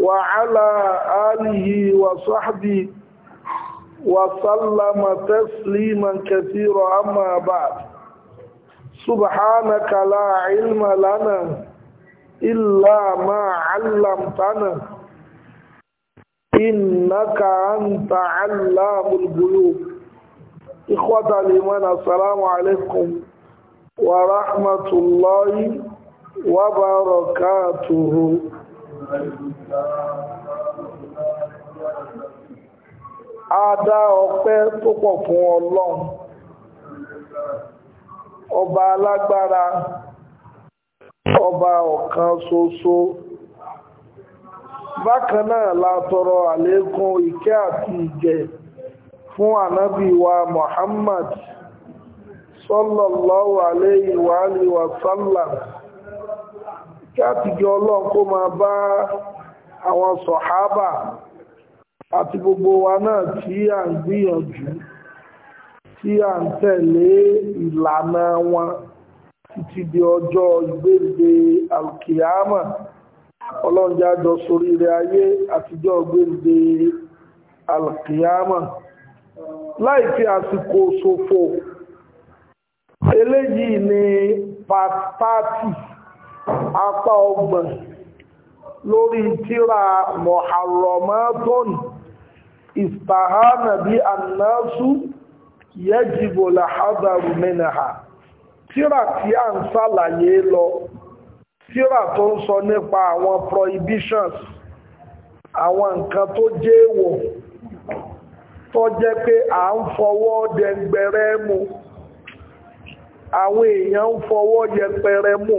وعلى آله وصحبه وسلم تسليما كثيرا أما بعد سبحانك لا علم لنا إلا ما علمتنا إنك أنت علام الغيوب إخوة الإيمان السلام عليكم ورحمة الله وبركاته A dá ọpẹ́ tó pọ̀ fún Ọlọ́run. Ọba alágbára, ọba ọ̀kan soso. Bákan náà la tọrọ àlékún ìkẹ́ àti ìjẹ fún ànábì wa Muhammad sallallahu alayhi wa alihi wa sallam. kí àtìgẹ́ ọlọ́run kó máa bá àwọn sọ̀hábà àti gbogbo wa náà tí à ń gbìyànjú tí à ń tẹ̀lé ìlànà wọn títí di ọjọ́ ìgbéǹde alkiyama ọlọ́njájọ sórí rẹ̀ ayé àtijọ́ ìgbéǹde alkiyama láì fi àsìkò ṣòfò eléyìí ni pàtàkì apá ọgbọ̀n lórí tíra mọ̀hàrọ̀mọ́tọ́n ìfàhánà bí annáṣú yẹ́jìbò làhádàrù mẹ́nàhà tíra tí a ń sàlàyé lọ tíra tó ń sọ nípa àwọn prohibitions àwọn nǹkan tó jẹ́ èèwọ̀ tó jẹ́ pé à ń fọwọ́ dẹ̀ngbẹ̀rẹ́ mu àwọn èèyàn ń fọwọ́ yẹpẹrẹ mu.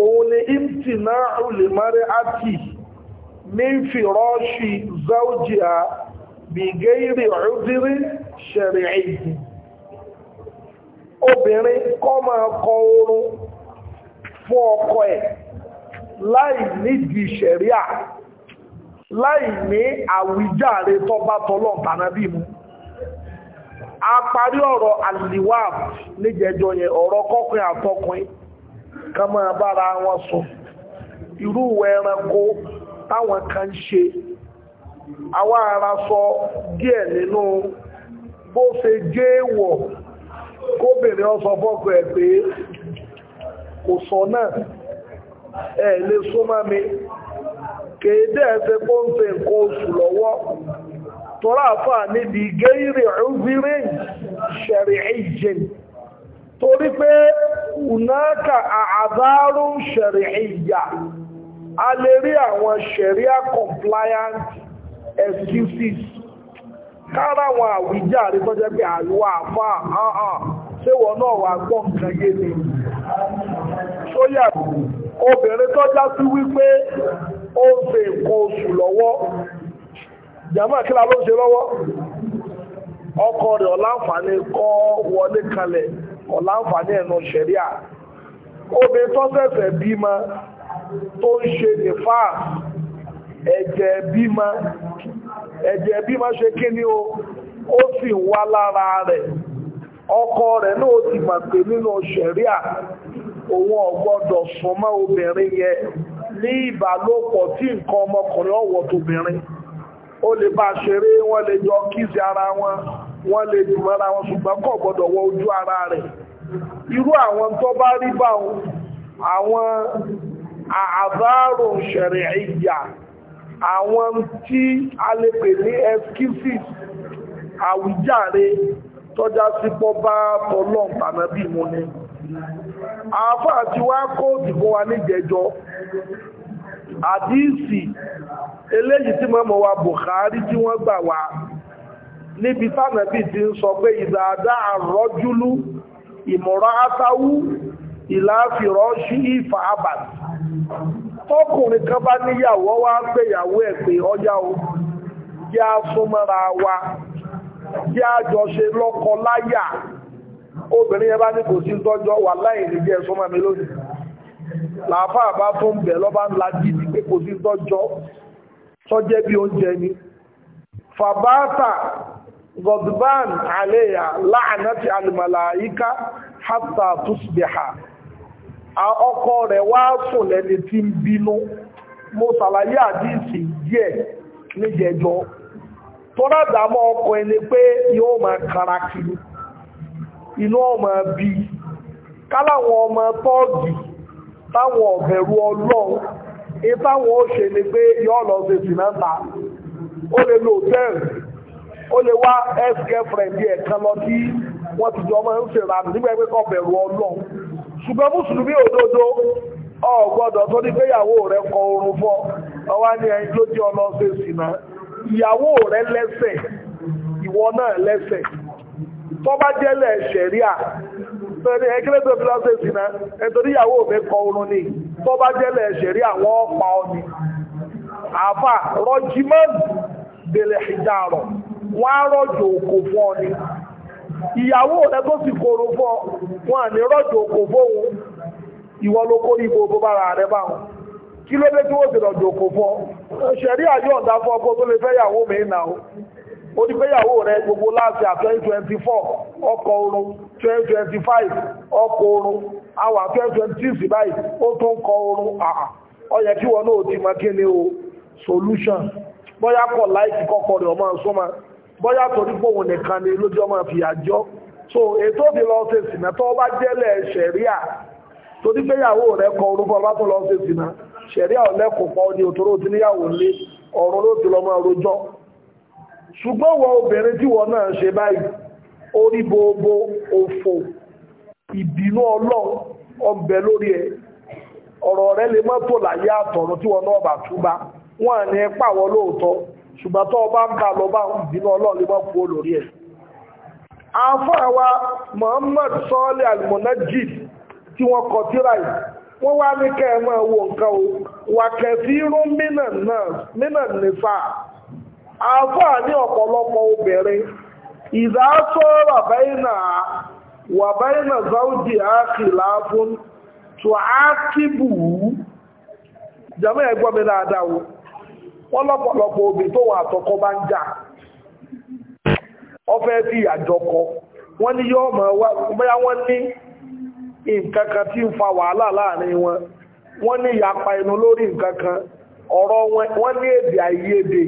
òun ni imtina lè mẹ́rẹ́ àti ní fìrọ́ṣì zaujia bìgẹ́rì ọ̀dírí ṣẹ̀rẹ̀ obìnrin kọ́ máa kọ oorun fún ọkọ ẹ̀ láì nídìí ṣẹ̀ríà láì ní àwíjàre tó tọ́lọ̀ tànàbí a parí ọ̀rọ̀ àlìwà níjẹjọ yẹn ọ̀rọ̀ kama abara bára wọn iru irú ẹranko táwọn kan ṣe àwa ara sọ díẹ̀ nínú bó ṣe jẹ́ èèwọ̀ kóbìnrin ó sọ fọ́kọ ẹ̀ pé kò sọ náà ẹ̀ lè súnmọ́ mi kèédé ẹ̀ṣẹ́ kó ń ṣe nǹkan oṣù lọ́wọ́ tọ́lá àfà níbi gẹ́rẹ̀ ọ̀gbìnrin ṣẹ̀rẹ̀ torí pé unaka àdárù ṣẹ̀ríyà a lè rí àwọn sharia compliant excuses kára àwọn àwíjàre tó jẹ́ pé àríwá àfá àhàn wọ́n náà wà gbọ́ nǹkan yé ni sóyà obìnrin sí wípé ó ń nǹkan oṣù lọ́wọ́ jàmá kí la ló ṣe lọ́wọ́ ọkọ rẹ̀ ọ̀láǹfààní kọ́ wọlé kalẹ̀ ọ̀la ń ní ẹ̀nu tó ṣẹ̀ṣẹ̀ bímọ tó ń ṣe nìfà ẹ̀jẹ̀ bímọ ẹ̀jẹ̀ bímọ ṣe kí ni o ó sì ń wá lára rẹ̀ ọkọ rẹ̀ náà ti mọ̀ pé nínú ṣẹ̀ríà òun ọ̀gbọ́dọ̀ súnmọ́ obìnrin yẹ ní ìbálòpọ̀ wọ́n lè dùn ara wọn ṣùgbọ́n kò gbọ́dọ̀ wọ ojú ara rẹ̀ irú àwọn tó bá rí bá wọn àwọn àbárò ṣẹ̀rẹ̀ ìyà àwọn tí a lè pè ní excuses àwíjàre tọ́já sí pọ́ bá tọ́lọ́n tànàbí mú tí wá kó wa níjẹjọ́ àdíìsì eléyìí tí wọ́n gbà wá níbi tánàbí ti ń sọ pé ìdáadá àrọ́júlú ìmọ̀rá átáwú ìláfìrọ́ sí ìfà àbàtì kan bá níyàwó wá gbéyàwó ẹ̀ pé o jẹ́ asúnmọ́ra wa jẹ́ ṣe lọ́kọ láyà obìnrin wà jẹ́ lónìí làáfàá bá jìdí pé kò sí tọ́jọ́ oúnjẹ ni fàbáàtà gọdban aleya láàánátì alìmàláyíká hátà túsbìhà ọkọ rẹ̀ wá sùn lẹ́ni tí ń bínú mo ṣàlàyé àdíìsì díẹ̀ níjẹjọ tọ́ládàmọ́ ọkọ ẹni pé yóò máa kára kiri inú ọmọ bí káláwọn ọmọ tọ́ọ̀gì táwọn ọ̀bẹ̀rù ọlọ́run ìtàwọn ó ṣe ni ọ yóò lọ sí sinata ó ó lè wá ex girlfriend yẹ kan lọ sí wọ́n ti jọ ọmọ ń ṣèrànù nígbà pé kò bẹ̀rù ọlọ́run ṣùgbọ́n mùsùlùmí òdodo ò tó ní kọ oorun fọ́ ọwá ní ẹni ló jẹ́ ọlọ́ ṣe sìnà ìyàwó rẹ̀ lẹ́sẹ̀ ìwọ náà lẹ́sẹ̀ tó ẹgbẹ́ tó fi sìnà ẹ̀tọ́rí ìyàwó pa ọ àfà bèlè wọ́n á rọ̀jò òkò fún ọ ni ìyàwó rẹ tó kóró fún wọn à ní òkò fóun ìwọ ló kó bára rẹ báwọn kí ló dé tí wọ́n òkò ṣẹ̀rí fún ó gbogbo láti 2024 ọkọ̀ oorun 2025 ọkọ̀ oorun 2026 báyìí ó tún ń oorun kí wọn náà ti kí ni o solution bóyá láìsí bóyá torí gbóhùn nìkan ni lójú ọmọ fi àjọ so ètò fi lọ ṣe sìnà tó bá jẹ́lẹ̀ ṣẹ̀ríà torí gbéyàwó rẹ̀ kọ orúkọ bá tó lọ ṣe sìnà ṣẹ̀ríà ọ̀lẹ́kùn pọ̀ ní òtòrò tí níyàwó lé ọ̀rọ̀ ló ti lọ máa rojọ́ ṣùgbọ́n wọ obìnrin tí wọ́n náà ṣe báyìí orí gbogbo òfò ìbínú ọlọ́run ọbẹ̀ lórí ẹ̀ ọ̀rọ̀ rẹ̀ lè mọ́tò láyé àtọ̀run tí wọ́n náà bà túbá wọ́n ní pàwọ́ lóòótọ́ ṣùgbọ́n tó bá ń ká lọ bá ń bínú ọlọ́run lè má kú olórí ẹ̀ àfáàwà Muhammad sọ́ọ́lẹ̀ almonajid tí wọ́n kọ tíra yìí wọ́n wá ní kẹ́ẹ̀mọ́ wo nǹkan o wà kẹfì irun mínà nífà àfáà ní ọ̀pọ̀lọpọ̀ obìnrin ìdásọ́ ràbáyìnà wàbáyìnà àkìlá fún tùákìbù jẹ́mọ́ ẹ̀gbọ́n mi dáadáa wọ́n lọ́pọ̀lọpọ̀ obì tó wà àtọkọ bá ń jà ọ fẹ́ àjọkọ́ àjọkọ wọ́n ní yọ́ mọ̀ bóyá wọ́n ní nǹkan tí ń fa wàhálà láàrin wọn wọ́n ní ìyapa inú lórí nǹkan kan ọ̀rọ̀ wọn ní èdè àìyedè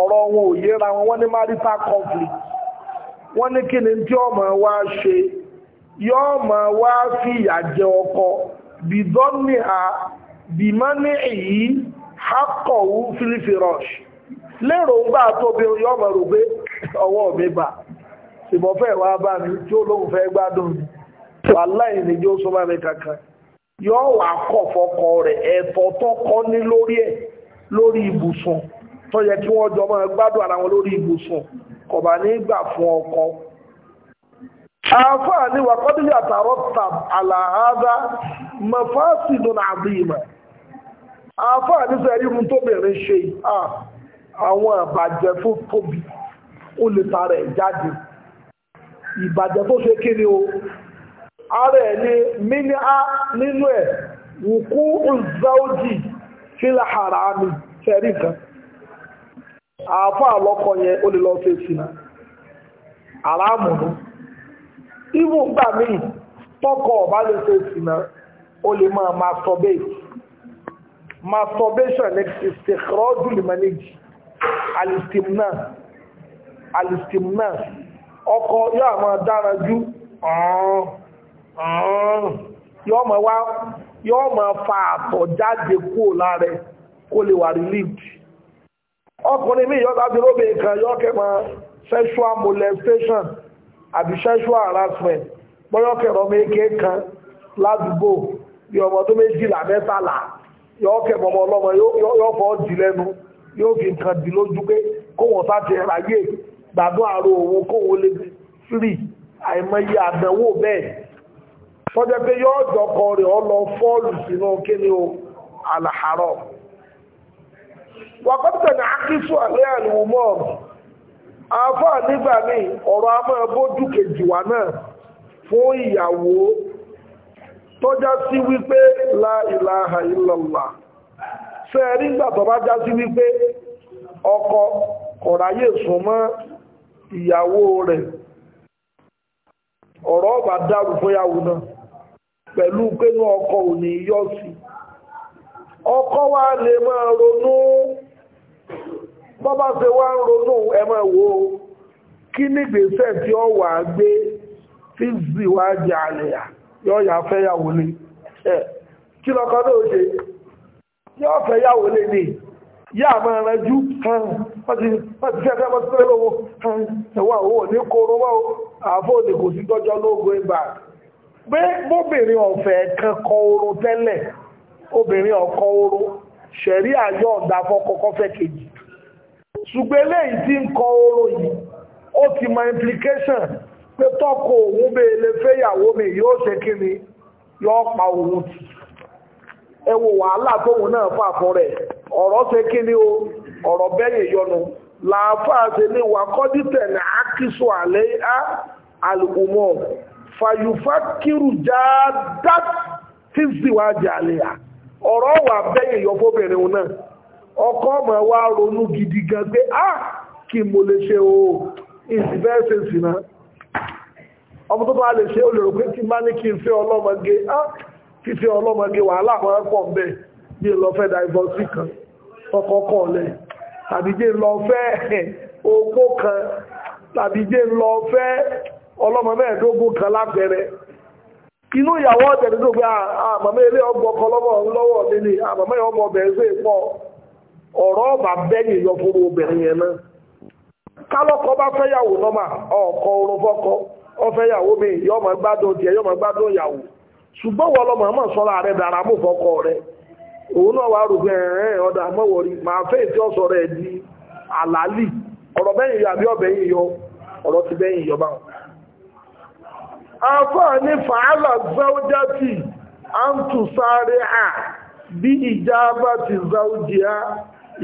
ọ̀rọ̀ wọn ò yéra wọn wọ́n ní marital conflict wọ́n ní kí ni tí ọmọ wa ṣe yọ́ mọ̀ wá fi ìyà jẹ ọkọ bìdọ́nì à bìmọ́nì èyí akọ̀wú fílífì rush lérò ń bá tóbi yọmọ rò pé ọwọ́ mi bà ìbọn fẹ́ wá bá mi tí ó lóun fẹ́ gbádùn mi wàláì níjó sọ bá mi kankan yọ wà kọ̀ fọkọ rẹ̀ ẹ̀tọ́ tó kọ́ ní lórí ẹ̀ lórí ibùsùn tó yẹ kí wọ́n jọ máa gbádùn ara wọn lórí ibùsùn kò bá ní gbà fún ọkọ àfáà ni wàkọ́dúnlẹ̀ àtàrọ́ tàb àlàáhádá mọ̀fásìdùn àbíyìmọ̀ àáfàá nísà irun tóbìnrin ṣe àwọn àbàjẹ́ tó tóbi ó lè tara ẹ̀ jáde ìbàjẹ́ tó ṣe kí ni o ara ẹ̀ ni mílíà nínú ẹ̀ wùkú ọ̀záójì fílà harami fẹ́rí kan àáfàá lọ́kọ yẹn ó lè lọ fẹ́ sí náà àràmù ní ibù gbà míì tọkọ ọba lè fẹ́ sí náà ó lè máa masturbate masturbation ní istikhrọ́dù limanage alistimna alistimna ọkọ yóò àmọ́ dára ju yóò mọ̀ wá yóò mọ̀ fa àtọ̀ jáde kúrò lára kó lè wà relieved ọkùnrin mi yọ́ta ti lóbe kan yọ́kẹ́ mọ́ sexual molestation àbí sexual harassment bọ́yọ́kẹ́ rọ méje kan ládùúgbò bí ọmọ tó méjìlá mẹ́tàlá yóò kẹ̀mọ́ ọmọ ọlọ́mọ yóò fọ́ jì lẹ́nu yóò fi nǹkan dì lójú pé kóhùn sá ti ráyè gbádùn àrò òun kóhùn lè fírì àìmọye àdánwò bẹ́ẹ̀ tọ́jẹ́ pé yóò jọkọ rẹ̀ ọ lọ fọ́ọ̀lù sínú kíni o àlàárọ̀ wàkọ́tẹ̀ ní akíṣù àlẹ́ àlùmọ́ àfáà nígbà míì ọ̀rọ̀ a máa bójú kejì wá náà fún ìyàwó tó jásí wípé la ilaha illallah ṣe rí gbà tó bá já wípé ọkọ kọ̀ráyè sùn mọ́ ìyàwó rẹ̀ ọ̀rọ̀ ọba dárú fóyàwó náà pẹ̀lú pẹ́nu ọkọ ò ní yọ́ sí ọkọ wa lè máa ronú bọ́bá ṣe wá ń ronú ẹ máa kí nígbésẹ̀ tí ó wà gbé fíìsì wá àlẹ́yà yóò yà fẹ́yàwó lé kí lọ́kọ́ náà ṣe yóò fẹ́yàwó lé ní yà máa rẹjú kan wọ́n ti fẹ́fẹ́ mọ́ sílẹ̀ lọ́wọ́ kan ẹ̀wọ́ owó ní kóró wọ́ àfọ́ òní kò sí tọ́jọ́ lóògùn ibà pé bóbìnrin ọ̀fẹ́ kan kọ oró tẹ́lẹ̀ obìnrin ọkọ oró ṣẹ̀rí àyọ̀ ọ̀dà fọ́kọ́kọ́ fẹ́ kejì ṣùgbọ́n eléyìí ti ń kọ oró yìí ó ti mọ implication pé tọ́kọ òun bèè lè fẹ́yàwó mi yóò ṣe kí ni yóò pa òun tì ẹ wo wàhálà tóun náà fà fún rẹ̀ ọ̀rọ̀ ṣe kí ni o ọ̀rọ̀ bẹ́yìn yọnu làáfàá ṣe ní wàkọ́dí tẹ̀lé àkísọ̀ àlẹ́ á àlùkùmọ̀ fàyùfákìrù jáàdá tí ìsìwájà àlẹ́ à ọ̀rọ̀ wà bẹ́yìn yọ fóbìnrin òun náà ọkọ ọmọ wa ronú gidi gan pé á ah! kí mo lè ṣe o ìsìfẹ́ ṣe sì náà ọmọ tó bá lè ṣe olèrò pé tí má ní kí n fẹ́ ọlọ́mọge á fífẹ́ ọlọ́mọge wàhálà àwọn pọ̀ ń bẹ̀ bí lọ fẹ́ dàìbọ̀sí kan tọkọkọ lẹ̀ tàbí jẹ́ lọ fẹ́ opó kan tàbí jẹ́ lọ fẹ́ ọlọ́mọ mẹ́ẹ̀ẹ́dógún kan lápẹẹrẹ inú ìyàwó ọ̀tẹ̀dẹ́dógún àmàmẹ́ ah, ah, ilé ọgbọ̀kọ lọ́wọ́ mi ni àmàmẹ́ ah, ọfẹ́ ìyàwó mi yọ́ máa gbádùn tiẹ̀ yọ́ máa gbádùn ìyàwó ṣùgbọ́n wọ́n lọ́mọ àmọ́ sọ́ra rẹ̀ dára mú fọkọ rẹ̀ òun náà wà rò pé ọ̀dà mọ́wọ́rí máa fẹ́ ìtí ọ̀sọ̀ rẹ̀ di àlálì ọ̀rọ̀ bẹ́yìn yọ àbí ọ̀bẹ̀yìn yọ ọ̀rọ̀ ti bẹ́yìn yọ báwọn. afọ́ fàálà zaujati antu sáré à bí ìjà ti zauji á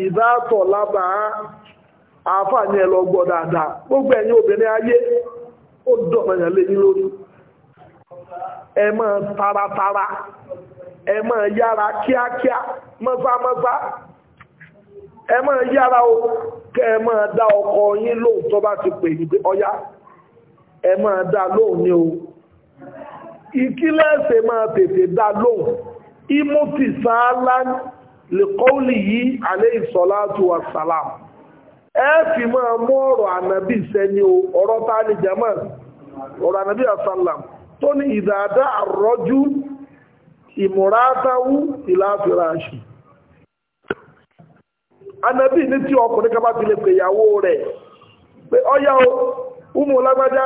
ìdátọ̀ lábàá afọ́ ní dáadáa gbogbo ẹ̀yin obìnrin ayé ó dọ̀nà yàn lé ní lórí ẹ máa taratara ẹ máa yára kíákíá mọ́fámọ́fá ẹ máa yára o kẹ ẹ máa dá ọkọ yín lóhùn tó bá ti pè ní pé ọyá ẹ máa dá lóhùn ni o ìkílẹ̀ ẹ̀sẹ̀ máa tètè dá lóhùn ìmútìsáálá lè kọ́ọ̀lì yìí alẹ́ ìsọ̀lá tó wà sàlámù ẹ fi máa mú ọ̀rọ̀ ànàbí sẹ́ni o ọ̀rọ̀ tá ní jaman ọ̀rọ̀ ànàbí àsàlám tó ní ìdàdá àrọ́jú ìmúratáwú ìláfíraṣì ànàbí ní tí ọkùnrin kábà ti lè pè ìyàwó rẹ̀ pé ọyá o umu lágbájá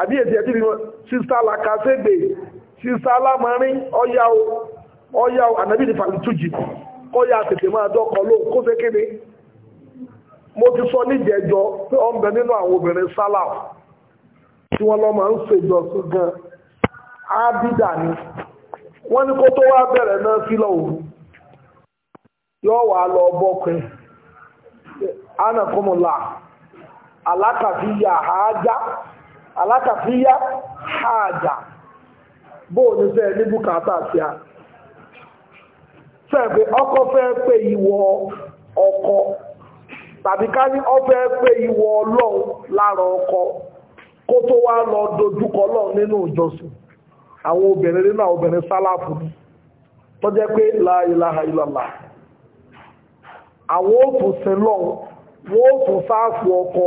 àbí èsì ẹ̀tí kasebe sísá làkàṣègbè sísá lámarin ọyá o ọyá o ànàbí ní fàlítújì kọ́yà tètè máa dọ́kọ̀ lóhùn kó fẹ́ kéde mo ti sọ níjẹjọ pé ọ nínú àwọn obìnrin sálàf tí wọ́n lọ máa ń ṣèjọ sí gan ábídà ni wọn ní kó tó wá bẹ̀rẹ̀ náà sílọ òru yóò wà lọ bọ́kùn anakomola alákàfíyà hájá alákàfíyà hájá bóò ní ní bùkátà sí a ọkọ pé ọkọ. tàbí ká ní ọfẹ́ pé ìwọ ọlọ́run lára ọkọ kó tó wá lọ nínú ìjọsìn àwọn obìnrin nínú àwọn obìnrin sálàfù tó jẹ́ pé la ilaha illallah àwọn òfò sílọ́n wọ́n òfò sáàfù ọkọ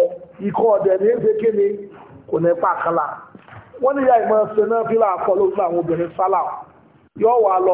ọ̀dẹ̀ ní kò ní pàkàlà wọ́n ní ya ìmọ̀ ṣe náà fi àwọn obìnrin yóò wà lọ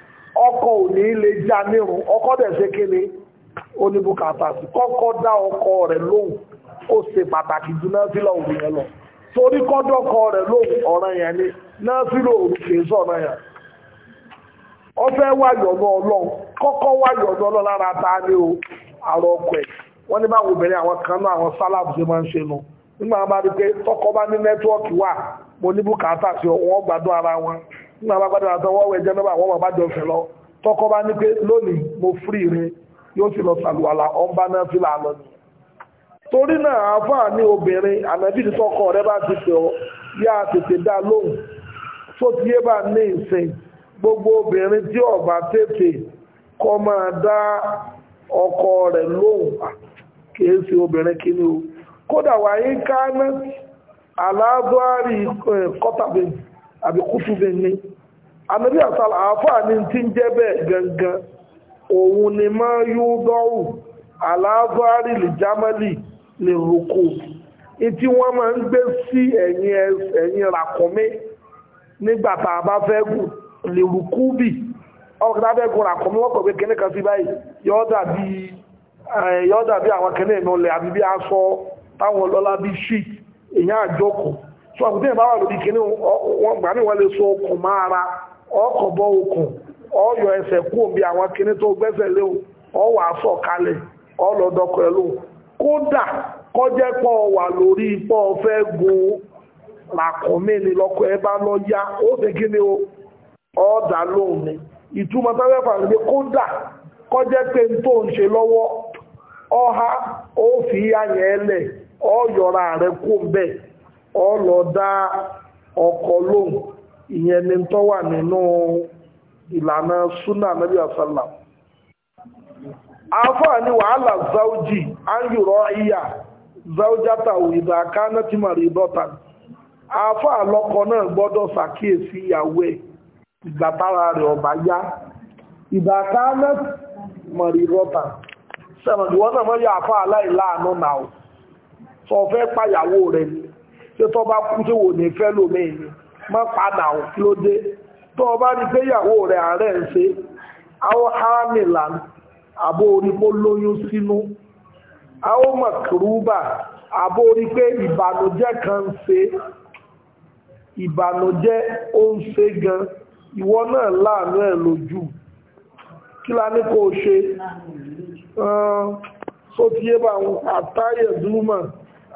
ọkọ̀ ò ní lè já nírun ọkọ̀ dẹ̀ kéle oníbùkátà sí kọ́kọ́ dá ọkọ̀ rẹ̀ lóhùn ó ṣe pàtàkì náà náfìlà òru yẹn lọ torí ọkọ̀ rẹ̀ lóhùn ọ̀rọ̀ yẹn ni yẹn ọlọ́run kọ́kọ́ o ọkọ̀ ẹ̀ wọ́n ní báwọn obìnrin àwọn kan náà àwọn sálàbù ṣe máa tọkọ bá ní nẹ́tíwọ́ọ̀kì wà mo sí ọ nígbà bá gbádùn àtọwọ́ wẹ̀ jẹ́ náà àwọn ọmọ bá jọ fẹ́ lọ tọkọ bá ní pé lónìí mo fírí rẹ yóò sì lọ sàlùwàlà ọba náà fi là lọ nìyẹn torí náà àáfàá ní obìnrin ànábì ní tọkọ rẹ bá ti pè ọ yá tètè dá lóhùn tó ti yé bá ní ìsìn gbogbo obìnrin tí ọba tètè kọ máa dá ọkọ rẹ lóhùn kìí ṣe obìnrin kìíní o kódà wàá yín ká aláàbọ̀ àrí kọ́tàbẹ̀yìn àbí kúfù bẹ́ẹ̀ ni ànábì àsàlà àáfàá ni ti ń jẹ́ bẹ́ẹ̀ gangan òun ni máa yóò dọ́wù aláàfáàrí lè jámálì lè roko ìtí wọ́n máa ń gbé sí ẹ̀yìn ràkúnmí nígbà tá a bá fẹ́ gùn lè rúkú bì ọkùnrin abẹ́gun ràkúnmí wọ́n pọ̀ pé kíní kan sí báyìí yọ́ dàbí àwọn kíní ìnulẹ̀ àbí bí aṣọ táwọn ọlọ́lá bí sheet èyàn àjọkùn tó àkùtẹ́ ìbá wà lórí kìíní wọn gbà ní wọ́n lè so máa ra ọkọ̀ bọ́ okùn ọyọ ẹsẹ̀ kú òbí àwọn kìíní tó gbẹ́sẹ̀ lé o ọwọ́ kalẹ̀ ọlọ́dọ̀kọ̀ ẹ̀ kódà kọjẹ́ pọ̀ wà lórí pọ̀ fẹ́ gun làkùnmí ni lọ́kọ̀ lọ yá ó sì o ọ̀dà lóhùn ni ìtumọ̀ kódà kọjẹ́ pé n tó ń ọha ó fi yá yẹn lẹ̀ kó bẹ́ẹ̀ ọ lọ ọkọ ìyẹn ni tó wà nínú ìlànà súnà nàbí àsálà àfáà ni wàhálà záújì áyùrọ ìyà záújátà ìdá káná tí màrí dọ́ta lọ́kọ náà gbọ́dọ̀ ṣàkíyèsí ìyàwó ẹ̀ ìgbà rẹ̀ ọ̀bá yá màrí dọ́ta sẹ́wọ̀n náà mọ́ láìláàánú náà sọ fẹ́ pàyàwó rẹ̀ ni ṣé tó bá kú tí wò ní fẹ́ lómi ni má padà ò kí ló dé tó o bá rí pé ìyàwó rẹ̀ ààrẹ ń ṣe àwọn hámìlà àbó orí kó lóyún sínú àwọn mọ̀kìrúbà àbó orí pé ìbànújẹ́ kan ń ṣe ìbànújẹ́ ó ń ṣe gan ìwọ náà láàánú ẹ̀ lójú kí la ní kó ṣe sótíyébà àtàyẹ̀dúmọ̀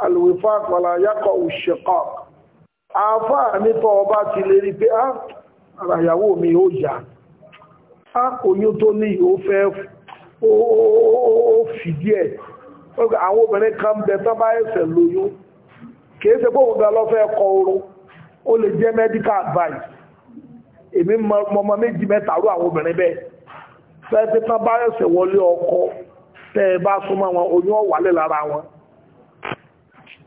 alwifaq wàlá yàkọ̀ òṣèkọ̀ àfà nítọ́ ọba ti lè rí pé ah, ara ìyàwó mi ó yà á ah, oyún tó ní ó fẹ́ ó fìdí ẹ̀ àwọn obìnrin kan bẹ tán bá ẹsẹ̀ lóyún kìí ṣe bóhùn gan lọ́fẹ́ ẹkọ oorun ó lè jẹ́ medical advice èmi mọmọ méjì mẹ́ta rú àwọn obìnrin bẹ́ẹ̀ fẹ́ẹ́ pé tán bá ẹsẹ̀ wọlé ọkọ tẹ́ ẹ bá súnmọ́ wọn oyún ọ̀wálẹ̀ lára wọn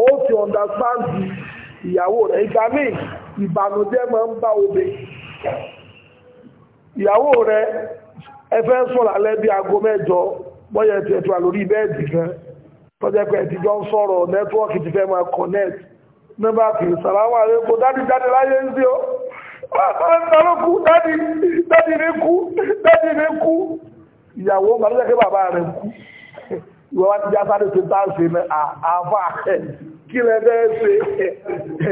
ó ti understand ìyàwó rẹ̀ ìgbà míì ìbànújẹ́ máa ń bá obe ìyàwó rẹ̀ ẹ fẹ́ sọ̀rọ̀ alẹ́ bí aago mẹ́jọ bọ́yẹ̀ ti ẹ̀tọ́ àlórí bẹ́ẹ̀dì kan tọ́jẹ́ ẹ̀tì jọ ń sọ̀rọ̀ nẹ́tíwọ́ọ̀kì ti fẹ́ máa connect nọ́mbà pè sàlámù àlékò dádì jáde láyé ń sí ah, ah, ó ọlọ́kù dádì dádì rẹ̀ kú dádì rẹ̀ kú ìyàwó màlúùjẹ́ pé bàbá rẹ̀ kú ìwọ́n wá ti já sáré tó ní àáfà ẹ̀ kí lẹ bẹ́ẹ̀ ṣe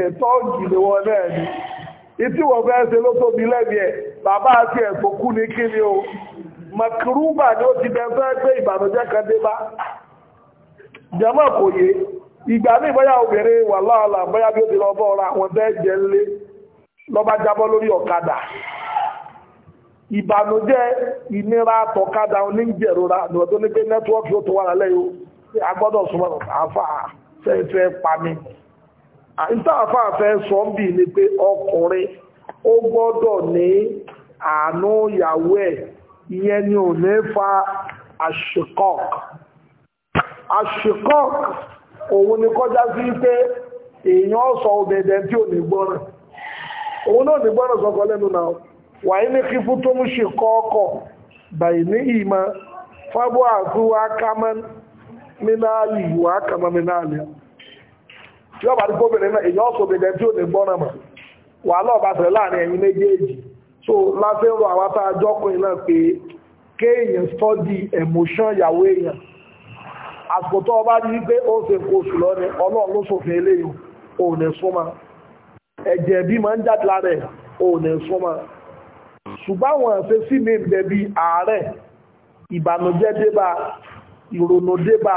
ẹ̀tọ́ọ̀gì ni wọn náà ni ìtí wọ́n bẹ́ẹ̀ ṣe ló tóbi lẹ́bi ẹ̀ bàbá àti ẹ̀tọ́ kú ní kí ni o makarúbà ni ó ti bẹ́ẹ̀ pé ìbànújẹ́ kan dé bá jẹ́mọ́ kò yé ìgbà ní ìbọ́yá obìnrin wà láàlà bọ́yá bí ó ti lọ bọ́ ọ̀rọ̀ àwọn tẹ́ jẹ́ ńlé lọ́ba jábọ́ lórí ọ̀kadà ìbànújẹ́ ìnira àtọ̀kadà oníjẹ̀rora lọ́dún ní pé nẹ́tíwọ́ọ̀kì ó tó wà lálẹ́ yìí agbọ́dọ̀ súnmọ́ àfáà fẹ́fẹ́ pa mí ìtàfàfẹ́ sọ ń bì ní pé ọkùnrin ó gbọ́dọ̀ ní àánú ìyàwó ẹ̀ ìyẹn ni ò ní fa àṣekọ́k àṣekọ́k òun ni kọjá sí pé èèyàn sọ obẹ̀dẹ̀ tí ò ní gbọ́ràn òun náà ní gbọ́ràn sọkọ lẹ́nu náà wàá ní kí fún tó ń ṣe kọ́ ọkọ̀ mínálì wà á kàmọ́ mínálì yóò bá dúpọ̀ obìnrin náà èyí ọ̀sọ̀ obìnrin tí ò ní gbọ́n náà wàhálà ọba sẹ̀rẹ̀ láàrin ẹ̀yin méjèèjì so láti ń rọ àwọn tá náà pé kéèyàn study emotion ìyàwó èèyàn àsìkò tó ọba rí pé ó ń ṣe nǹkan oṣù lọ́ni ọlọ́run ló ṣòfin eléyìí ò ní súnmọ́ ẹ̀jẹ̀ bí máa ń jáde lára ẹ̀ ò ní súnmọ́ ṣùgbọ́n àwọn àṣẹ sí mi ń bẹ ìbànújẹ́ dé ìrònú débà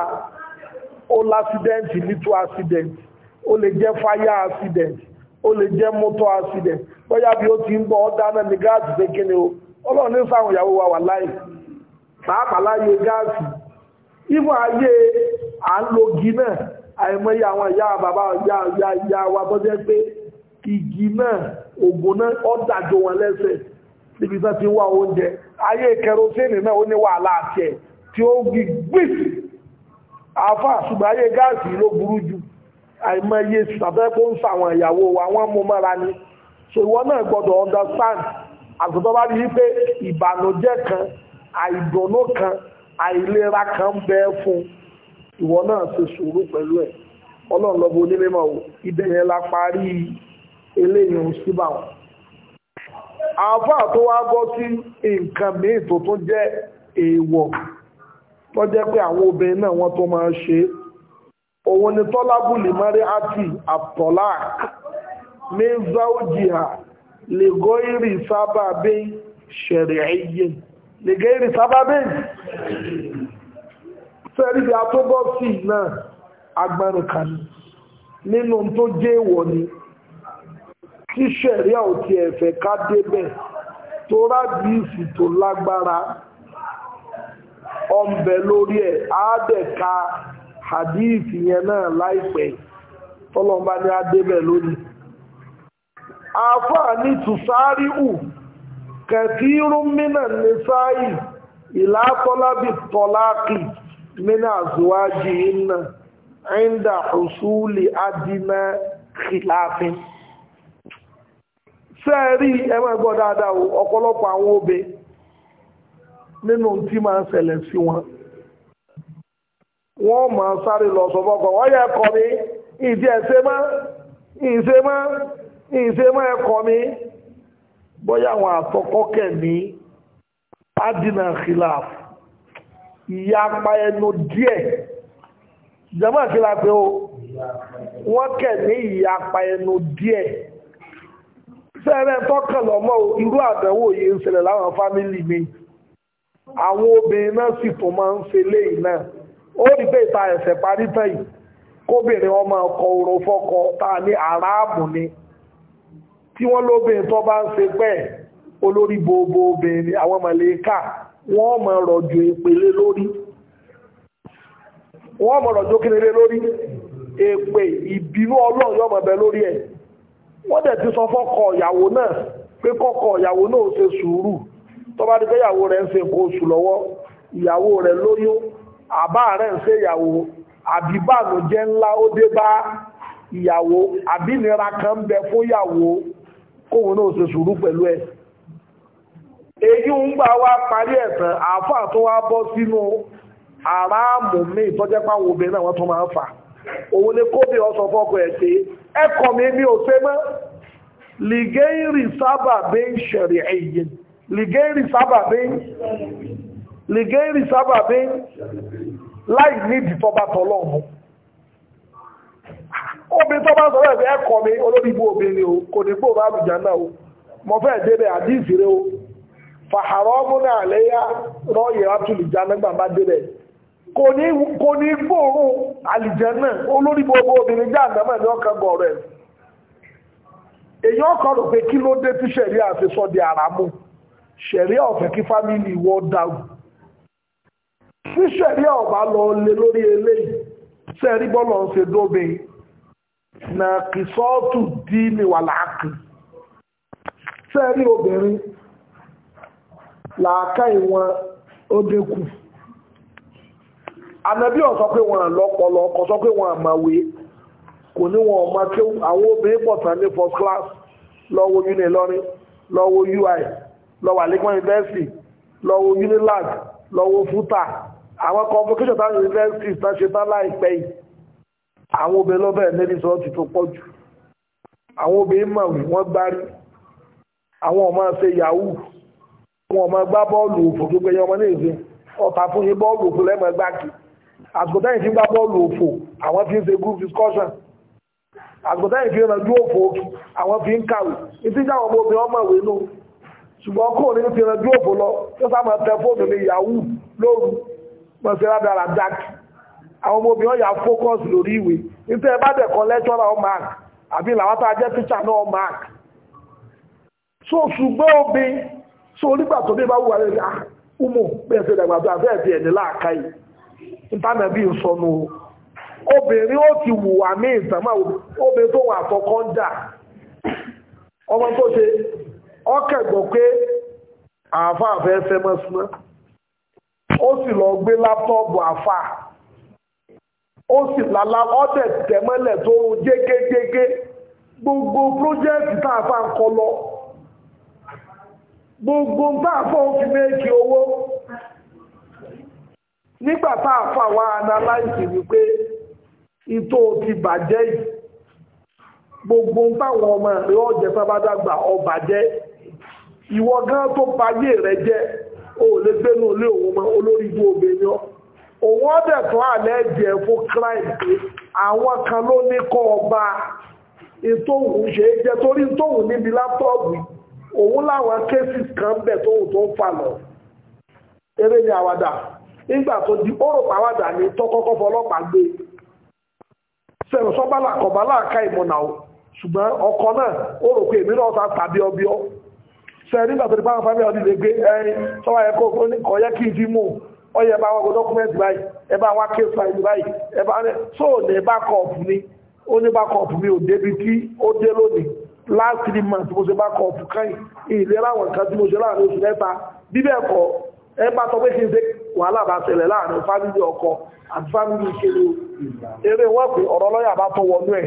ó lásídẹ́ǹtì nítú accident ó lè jẹ́ fire accident ó lè jẹ́ motor accident bóyá bí ó ti ń bọ́ dáná ní gáàsì pé kí ni o ọlọ́run ní sáwọn ìyàwó wa wà láì pàápàá láyé gáàsì ìmọ̀ ayé à ń lo igi náà àìmọye àwọn ìyá bàbá ìyá ìyá ìyá wa tó jẹ́ pé igi náà ògùn náà ó dàjò wọn lẹ́sẹ̀ níbi tán ti ń wá oúnjẹ ayé kẹrosínì náà ó ní wàhálà àti ẹ̀ tí ó gi gbìsì àfà ṣùgbáyé gáàsì ló burú jù àìmọye ṣàfẹ́kó ń sàwọn ìyàwó wa wọ́n mú mọ́ra ni so ìwọ náà gbọ́dọ̀ understand àgbẹ̀tọ́ bá rí pé ìbànújẹ́ kan àìdùnnú kan àìlera kan ń bẹ fún ìwọ náà ṣe sùúrù pẹ̀lú ẹ̀ ọlọ́run lọ́bọ̀ onímọ̀ ìdẹ̀yẹn la parí eléyìí síbà wọn àáfàá tó wá bọ́ sí nǹkan míì tó tún jẹ́ èèwọ̀ tó jẹ́ pé àwọn obìnrin náà wọ́n tó máa ṣe òun ni tọ́lábùlì mari àti àtọ́lák mẹ́záòjìhà lẹ́gọ́ìrì sábàbí ṣẹ̀rẹ̀ẹ́yẹ lẹ́gọ́ìrì sábàbí sẹ́ríbi àtọ́bọ́sì náà agbárùkà ni nínú tó jẹ́ ìwọ̀ ni tí ṣẹ̀ríà ò ti ẹ̀fẹ̀ ká débẹ̀ tó rádìí ìsì tó lágbára ọ̀nbẹ lórí ẹ̀ àádẹ́ka hadith yẹn náà láìpẹ́ tọ́lọ́mbá ní adébẹ̀ lónìí. àáfàá ní tùsáárì hù kẹfìrún mínà nísáì ìlàtọ́lábì tọ́láàkì mínà àzúwájì iná ẹ̀ńdà òṣùlì adínà kìláàfin. sẹ́ẹ̀rí ẹ máa gbọ́ dáadáa ọ̀pọ̀lọpọ̀ àwọn obìnrin nínú tí máa ń ṣẹlẹ̀ sí wọn wọ́n máa sáré lọ sọ fọ́kọ̀ wọ́n yẹ kọ́ mi ìdí ẹ̀ṣẹ́ mọ́ ìṣe mọ́ ìṣe mọ́ ẹ̀kọ́ mi bóyá àwọn àtọkọ́kẹ̀ ní adina khilaf ìyapa ẹnu díẹ̀ jẹ́mọ́ khilaf pé o wọ́n kẹ̀ ní ìyapa ẹnu díẹ̀ sẹ́rẹ̀ tọ́kàn lọ́mọ́ irú àdánwò yìí ń ṣẹlẹ̀ láwọn fámìlì mi. àwọn obìnrin náà sì tó máa ń ṣe léyìí náà ó rí pé ìta ẹ̀sẹ̀ parí tán kóbìnrin ọmọ ọkọ̀ oró fọ́kọ ta ní aráàbù ni tí wọ́n lóbìnrin tó bá ń ṣe pẹ́ olórí gbogbo obìnrin àwọn mọ̀lẹ́kà wọ́n mọ̀ rọ̀jò ìpele lórí wọ́n mọ̀ rọ̀jò kínnílé lórí èpè ìbínú ọlọ́run yọ̀mọ̀ bẹ lórí ẹ̀ wọ́n dẹ̀ ti sọ fọ́kọ̀ ìyàwó náà pé kọ́kọ ìyàwó náà ṣe sùúrù tó bá di pé ìyàwó rẹ̀ ń ṣe nǹkan oṣù lọ́wọ́ ìyàwó rẹ̀ lóyún àbá rẹ̀ ń ṣe ìyàwó àbíbànújẹ́ ńlá ó dé bá ìyàwó àbínira kan bẹ fún ìyàwó kóhun náà ṣe sùúrù pẹ̀lú ẹ̀ èyí ń gbà wá parí ẹ̀tàn àáfàá tó wá bọ́ sínú àràmù mi ìtọ́jẹ́ páwọn obìnrin náà wọ́n tún máa ń fà òun ni kóbi ọsọ fọ́kọ ẹ̀ pé ẹ̀kọ́ mi ní òṣèmọ́ lìgẹ́rì sábà bẹ́ẹ̀ ṣẹ̀rì ẹ̀yìn lìgẹ́rì sábàbí lìgẹ́rì sábàbí láì nídìí tọ́ba tọ́lọ́mù obìnrin tọ́ba sọ̀rọ̀ ẹ̀fẹ́ ẹ̀kọ́ mi olóbìbó obìnrin o kò ní gbòòrò àbújá náà o mọ̀ fẹ́ débẹ̀ àdíìsì rẹ o fàhàrọ̀ ọmúnà àlẹ́yà rọ́ọ̀yẹ̀ látùlùjá nígbà má débẹ̀ kò ní gbòòrò àlìjẹ́ náà olóbìbó obìnrin já àdámọ̀ ní ọkàn gọ̀ọ̀rẹ̀ èyí ọkọ̀ rò pé kí ló dé tíṣẹ̀rí àti sọ́ọ̀dì àràmù ṣẹ̀rí ọ̀fẹ́ kí fámìlì wọ́ dáwù tí ṣẹ̀rí ọ̀bá lọ lé lórí eléyìí sẹ́rí bọ́lọ̀ na kìsọ́ọ̀tù dí ní wà láàkì sẹ́rí obìnrin làákà ìwọ̀n ó dínkù ànàbí ò pé wọ́n lọ́pọlọ kò sọ pé wọ́n àmàwé kò ní wọn ọmọ uni lọ́rin lọ́wọ́ ui lọ́wọ́ àlékún university lọ́wọ́ unilag lọ́wọ́ futa àwọn convocation táwọn university tán ṣe tán láìpẹ́ yìí àwọn obìnrin lọ́bẹ̀ẹ́ níbi sọ ti tó pọ̀ jù àwọn obìnrin mọ̀ wọ́n gbárí àwọn ọmọ ṣe yahoo àwọn ọmọ gbá bọ́ọ̀lù òfò tó gbẹ̀yìn ọmọ náà ṣe ọ̀tà fún yín bọ́ọ̀lù òfò lẹ́mọ̀ ẹgbà kì àsìkò táyìn fi gbá bọ́ọ̀lù òfò àwọn fi ń ṣe group discussion àsìkò fi ń ranjú òfò àwọn fi ń kàwé ìtìjà ọmọ obìnrin ọmọ ìwé náà ṣùgbọ́n kò ní ti ẹran dúró lọ tó sábà tẹ ní yahoo lóru mọ̀sẹ̀rá dára dark àwọn ọmọ obìnrin ọ̀yà focus lórí ìwé nítorí ẹ bá dẹ̀kọ́ lẹ́tọ́rà ọ mark àbí so ṣùgbọ́n obi so onígbà tó bá wù ah umu bẹ́ẹ̀ ṣe dàgbà tó ẹ̀dí láàká yìí bí n sọnù obìnrin ó ti wù obìnrin tó wà àtọkọ́ ń dà ọkẹ̀gbọ́ pé àáfà fẹ́ fẹ́ mọ́sánná ó sì lọ gbé láptọ́ọ̀bù àáfà ó sì lálá ọ́dẹ̀ tẹ̀mọ́lẹ̀ tó ń jégégégé gbogbo pírójẹ́ẹ̀tì táàfà ń kọ lọ gbogbo táàfà ó fi méjì owó nígbà táàfà wá analyze wípé ìtò ti bàjẹ́ yìí gbogbo táwọn ọmọ rẹ̀ ọ̀jẹ̀ sábàdàgbà ọ̀bàjẹ́ yìí ìwọ gan tó bayé rẹ jẹ o lè gbénu ilé òun mọ́ olórí ibú obìnrin ọ òun ọ̀dẹ̀ tó àlẹ́ jẹ fún crime àwọn kan ló ní ọba ìtòhùn ṣe é jẹ torí ìtòhùn níbi látọọbù òun láwọn kéésì kan bẹ̀ tóhùn tó ń di pàwàdà ní gbé ìmọ̀nà ṣùgbọ́n náà ó rò pé èmi náà tàbí sẹ́rí nígbà tó ti báwọn fámílì ọdún lè gbé ẹrin tọ́wà ẹ̀kọ́ kọ̀ọ̀yẹ́ kí n ti mú ọyẹ bá wọn dọ́kúmẹ́ntì báyìí ẹbá wọn ni ó ní bákọ̀ọ̀pù mi ò débi tí ó dé lónìí last three months mo ṣe bákọ̀ọ̀pù káyìn ìlera àwọn nǹkan tí mo ṣe láàrin oṣù mẹ́ta bí bẹ́ẹ̀ kọ́ ẹ bá tọ́ pé kí n ṣe wàhálà bá ṣẹlẹ̀ àti fámílì ìṣèlú eré wọn pé bá tún ẹ̀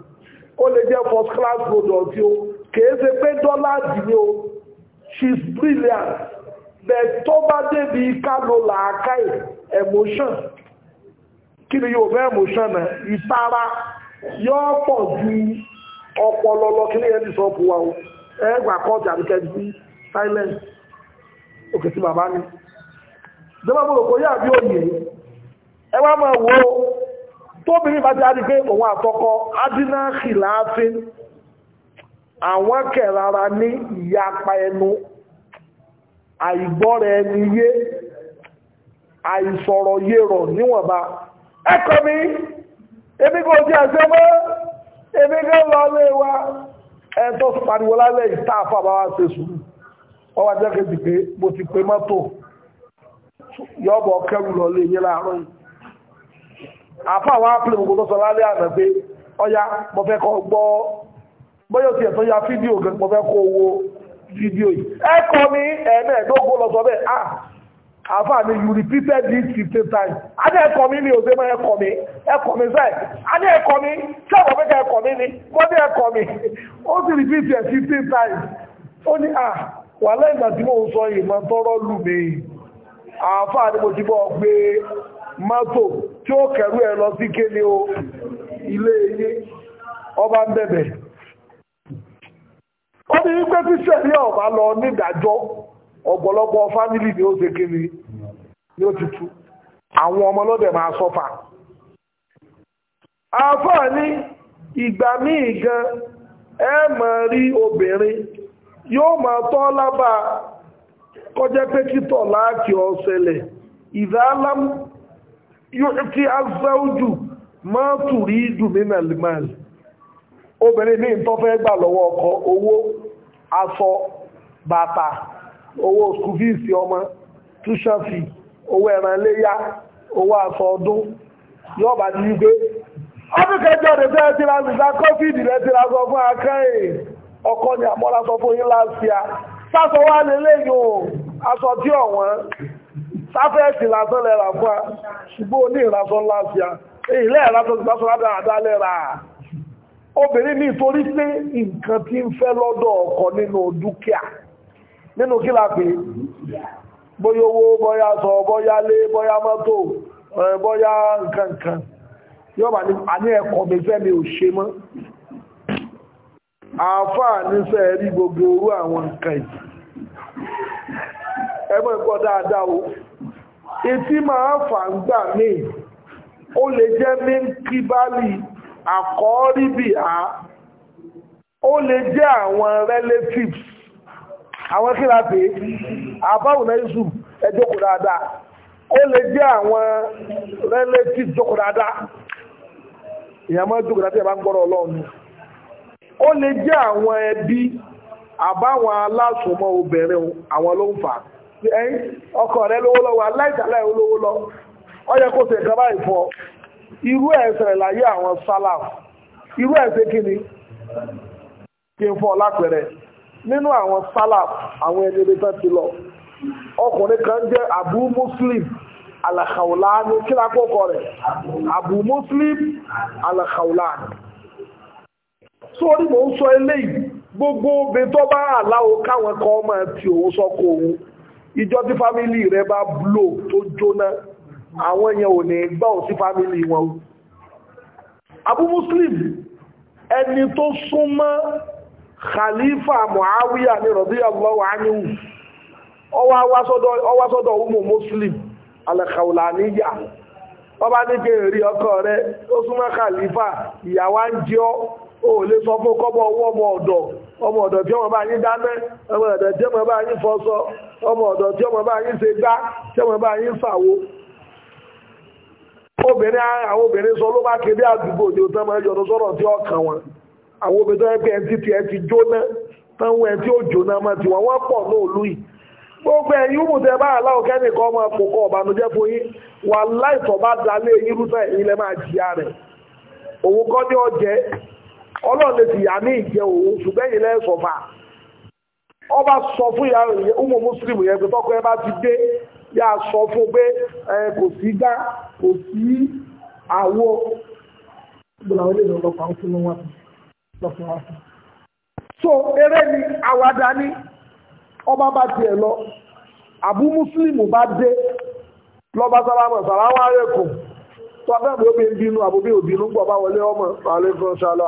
ó lè jẹ́ first class product o kìí ṣe pé dọ́là dì o she's brilliant but tó bá débi kálò làákàì emotion kí ni yóò fẹ́ emotion náà ìtara yóò pọ̀ ju ọpọlọ lọ kí ni ẹ ti sọ fún wa o ẹ gbà kọ́ọ̀tì àbíkẹ́ sí silence òkè sí bàbá mi. ìjọba mo rò pé àbí òye ẹ wá máa wo tóbìnrin bá ti pé òun àtọkọ adínà kìláàfin àwọn kẹrara ní ìyapa ẹnu àìgbọ́ra ẹni yé àìsọ̀rọ̀ yérọ̀ níwọ̀nba ẹ̀kọ́ mi ebi kò tí mọ́ ebi kò lọ lé wa ẹ̀tọ́ pariwo lálẹ́ ìta àfàbà wa ṣe pé mo ti pe mọ́tò kẹrù lọ lé láàárọ̀ àfà wá pílẹ̀ gbogbo tó sọ lálẹ́ àná pé ọya mo fẹ́ kọ́ gbọ́ bóyọ̀ tiẹ̀ tó ya fídíò gan mo fẹ́ kó owó fídíò yìí ẹ kọ́ ní ẹ̀ẹ́mẹ́ẹ̀dógún lọ sọ bẹ́ẹ̀ ah àfà ni you repeated this fifteen times a ní ẹ̀kọ́ mi ni òṣè máa ẹ̀kọ́ mi ẹ̀kọ́ mi sẹ́ẹ̀ a ní ẹ̀kọ́ mi ṣé ọ̀pọ̀ fẹ́ kẹ́ ẹ̀kọ́ mi ni mo ní ẹ̀kọ́ mi ó sì repeat ẹ̀ fifteen times ó ní ah wàhálà ìgbà tí mò ń sọ yìí máa tọrọ lù mí àfà ni mo ti bọ́ gbé mato tí ó kẹrù ẹ lọ sí o ilé eyé ọba ń bẹ̀bẹ̀ ó ní wípé tí ọba lọ ọ̀pọ̀lọpọ̀ fámílì ni ó ṣe ní ó ti àwọn máa sọ́fà àfáà ní ìgbà míì gan ẹ rí obìnrin yóò máa tọ́ lábàá kọjá pé títọ̀ láti ọ̀sẹ̀lẹ̀ yóò azáwójú máa tùrí dùmínà limal obìnrin ní ìtọ́fẹ́ gbà lọ́wọ́ ọkọ owó aṣọ bàtà owó school fees ọmọ tuition fee owó ẹran léyá owó aṣọ ọdún yóò bá ti gbé áfíkẹjọ rẹ fẹ́ ti ra sísá covid rẹ ti ra sọ fún akẹ́yìn ọkọ ni àmọ́ra sọ fún yín láti ṣíà sásọ wà lélẹ́yìn o aṣọ tí ọ̀wọ́n sáfẹ́ẹ̀sì lásán lẹ́ra fún a ṣùgbọ́n ní ìrasán láfíà èyí lẹ́ẹ̀ra tó ti lásán lábẹ́ àdá lẹ́ra obìnrin ní ìtorí pé nǹkan tí ń fẹ́ lọ́dọ̀ ọkọ nínú dúkìá nínú kí la pè bóyá owó bóyá sọ bóyá lé bóyá mọ́tò bóyá nǹkankan yọba ní àní ẹ̀kọ́ mi fẹ́ mi ò ṣe mọ́ àáfàá níṣẹ́ rí gbogbo orú àwọn nǹkan yìí ẹgbẹ́ ìkọ́ dáadáa o etí máa fà ń gbà míì ó lè jẹ́ mímkíbálì àkọ́ọ́ríbìá ó lè jẹ́ àwọn relatives àwọn kí láti àbáwùnà yusuf ẹjọ́kù dáadáa ó lè jẹ́ àwọn relatives jọ́kù dáadáa ìyàmọ́ jọ́kù dáadáa bá ń gbọ́rọ̀ ọlọ́run ó lè jẹ́ àwọn ẹbí àbáwọn alásùnmọ́ obìnrin àwọn ló ń fà á ẹ̀yìn ọkọ rẹ lówó lọ́wọ́ aláìsàlá ẹ̀ olówó lọ ọ yẹ kó ṣe nǹkan báyìí fọ irú ẹ̀ ṣẹlẹ̀ láyé àwọn sálàf irú ẹ̀ ṣe kíni kí n fọ lápẹẹrẹ nínú àwọn sálàf àwọn ẹni ẹni tán ti lọ ọkùnrin kan jẹ́ abu muslim alakawulani kí ni akókò rẹ̀ abu muslim alakawulani sórí mò ń sọ eléyìí gbogbo obìnrin tó bá aláwo káwọn kan máa ti òun sọkọ òun ìjọ tí fámílì rẹ bá blò tó jóná àwọn èèyàn ò ní gbọ́ sí fámílì wọn abu muslim ẹni tó súnmọ́ khalifa muawiya ní radiyallahu anhu ọwá sọ́dọ̀ umu muslim alkhawlaniya ọba ní kí èrè ọkọ rẹ ó súnmọ́ khalifa ìyàwó ń jẹ́ ó lè sọ fún kọ́bọ̀ ọwọ́ ọmọ ọ̀dọ̀ ọmọ ọ̀dọ̀ tí ọmọ bá yín dáná ọmọ ọ̀dọ̀ tí ọmọ bá yín fọṣọ ọmọ ọ̀dọ̀ tí ọmọ bá yín ṣe gbá tí ọmọ bá yín fàwo obìnrin àwọn obìnrin sọ ló bá kéde àdúgbò ní ọtán máa yọ̀nù sọ̀rọ̀ tí ó kàn wọn àwọn obìnrin tó yẹ pé ẹni tí ẹ ti jóná táwọn ẹni tí ó jóná ọlọ́run lè fìyà ní ìjẹ òun ṣùgbọ́n yìí lẹ́sọ̀ fà ọba sọ fún ìyá rẹ̀ ọmọ mùsùlùmí yẹn pé tọkọ ẹ bá ti dé yà sọ fún pé kò sí dá kò sí àwo gbọ́dọ̀ àwọn eléyìí ọlọ́pàá ń fún wọn lọ́fún wọn fún. so eré ni àwàdà ni ọba bá tiẹ̀ lọ àbú mùsùlùmí bá dé lọ́ba sálámù sàlámù àrẹ́kùn tó abẹ́bí obìnrin bínú àbúbí òbínú gbọ́ bá wọlé ọmọ àlékún sálọ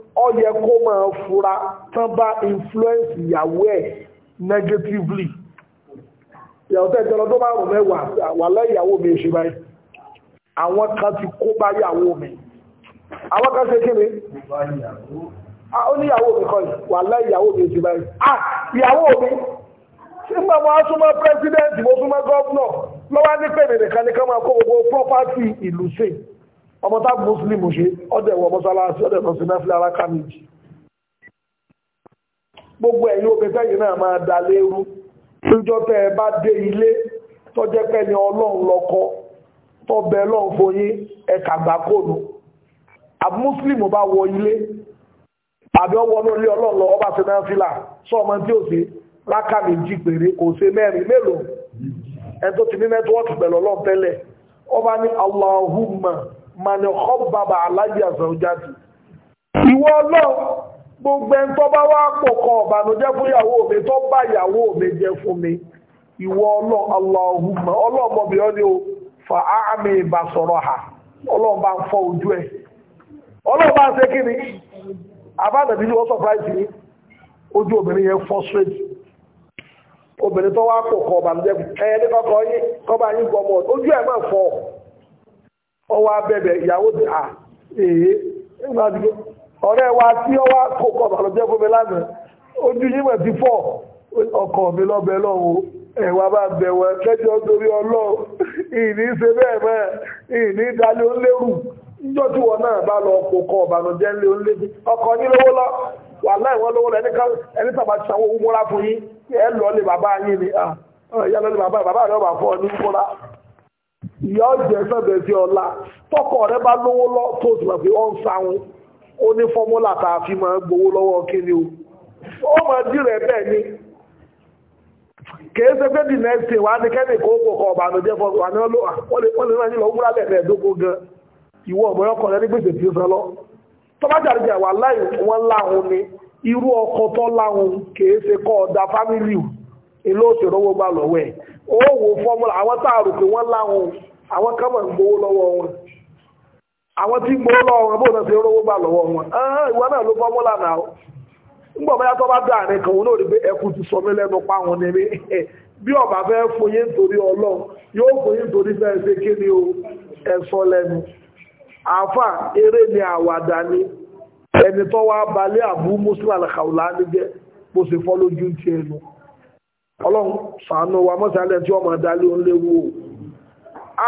ó yẹ kó máa fura tán bá influence ìyàwó ẹ̀ negatively ìyàwó tẹ́ ìjọba tó márùn mẹ́wàá wà lẹ́yàwó mi ṣe báyìí àwọn kan ti kó bá yàwó mi àwọn kan ṣe kí ni ó ní ìyàwó mi kọ́ni wà lẹ́yàwó mi ṣe báyìí ah ìyàwó mi ṣé ń bá wọn súnmọ́ president mo súnmọ́ gọ́vnọ̀ lọ́wọ́ ní pèmí nìkan ní ká máa kó gbogbo property ìlú sí i ọmọ tá muslim ṣe ọdẹ wọ mọ́sálásí ọdẹ lọ sí náfíà aláka méjì gbogbo ẹ̀yin obìnrin yìí náà máa dà lérú lójọ́ tẹ́ ẹ bá dé ilé tọ́jẹ́ pẹ́ ni ọlọ́run lọ́kọ́ tọ́bẹ̀ ọlọ́run foyín ẹ̀ka gbàkóònù àbí muslim bá wọ ilé àbí ọwọ́ ní ilé ọlọ́run lọ ọba sí náfíà sọ ọmọ tí ò sí láka ti ní nẹ́tíwọ́ọ̀kì pẹ̀lú tẹ́lẹ̀ ọba ní Allahumma mani ọ̀bàbà alájà sọ̀jáde ìwọ ọlọ́run gbogbo ẹni tó bá wá pọ̀ ọ̀bànújẹ́ fún ìyàwó mi tó bá ìyàwó mi jẹ́ fún mi ìwọ ọlọ́run ni o fa àmì sọ̀rọ̀ ha ọlọ́run bá ń fọ́ ojú ẹ̀ ọlọ́run bá ń ṣe ni wọ́n ní ojú obìnrin yẹn fọ́ straight obìnrin tó wá ọ̀bànújẹ́ fún ọwọ́ abẹ́bẹ̀ ìyàwó ti à èyí nígbà tí ọ̀rẹ́ wa tí ọwọ́ kókọ̀ bàlọ́jẹ́ fún mi lánàá ojú yín mọ̀ ti fọ́ ọkọ̀ mi lọ́bẹ̀ lọ́wọ́ ẹ̀wà bá bẹ̀wọ̀ kẹjọ torí ọlọ́ọ̀ ìní ṣe bẹ́ẹ̀ mẹ́ ìní dalẹ̀ ó lérù wọn náà bá lọ ńlẹ̀ ó lé ọkọ̀ yín lówó lọ wà láì lówó lọ ẹni ìyá ọ̀jẹ̀ fẹ́bẹ̀ sí ọlá tọkọ rẹ bá lówó lọ tó sì máa fi ọ́n sáwọn ó ní tá a fi máa gbowó o ó máa dì rẹ bẹ́ẹ̀ ni kìí pé next thing wà á ní kẹ́mì kó kó kọ fọ́ wà ní wọ́n lè wúrà gan ìwọ ọkọ rẹ tí ó wà láì wọn láhùn ni irú ọkọ tó láhùn ọ̀dà fámìlì ìlú owó gbà lọ́wọ́ ẹ̀ ó wo àwọn kan máa ń gbowó lọ́wọ́ wọn àwọn tí ń gbowó lọ́wọ́ wọn bóun náà ti rówó gbà lọ́wọ́ wọn ìwọ náà ló fọ́múlà náà ńgbọ̀n bóyá tó bá dá àárín kan òun náà rí pé ẹkú ti sọ mí lẹ́nu pa wọn níbi bí ọba fẹ́ fòye nítorí ọlọ́run yóò fòye nítorí fẹ́ ṣe kí ni o ẹ̀sọ́ lẹ́nu àáfà eré ni àwàdà ni ẹni tó wá balẹ̀ àbú muslim alakaula ni jẹ́ bó ṣe fọ́ lójú ti ẹnu ọlọ́run ṣàánú wa mọ́sálẹ̀ tí ọmọ dalẹ́ òun léwu o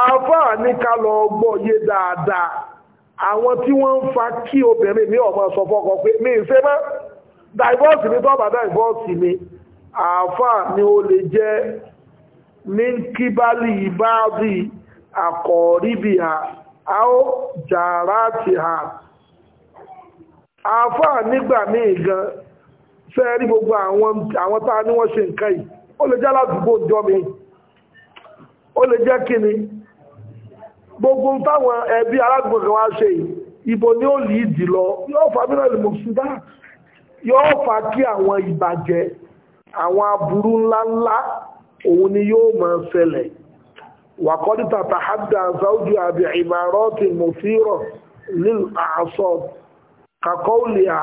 àáfàá ní ká lọ gbọ́ yé dáadáa àwọn tí wọ́n ń fa kí obìnrin mi ọmọ sọ fọ́kọ pé mi ṣe mọ́ divorce mi tọ́ba divorce mi àáfàá ni ó lè jẹ́ ní kíbálì ìbáàdì àkọ̀ọ́ríbìà áó jàrátì hà àáfàá nígbà míì gan fẹ́ rí gbogbo àwọn tá a ní wọ́n ṣe nǹkan yìí ó lè jẹ́ aládùúgbò ìjọ mi ó lè jẹ́ kíni gbogbo táwọn ẹbí alágbègbè wa ṣe ìbò ni ó lì í dì lọ yóò fa mílíọ̀nù mùsùlùmá yóò fa kí àwọn ìbàjẹ́ àwọn aburú ńláńlá òun ni yóò máa ṣẹlẹ̀ wàkọ́dí tàtà hadda zawju àbí ìmàrọ́tì mọ̀fírọ̀ lil àṣọ kàkọ́ọ̀lìyà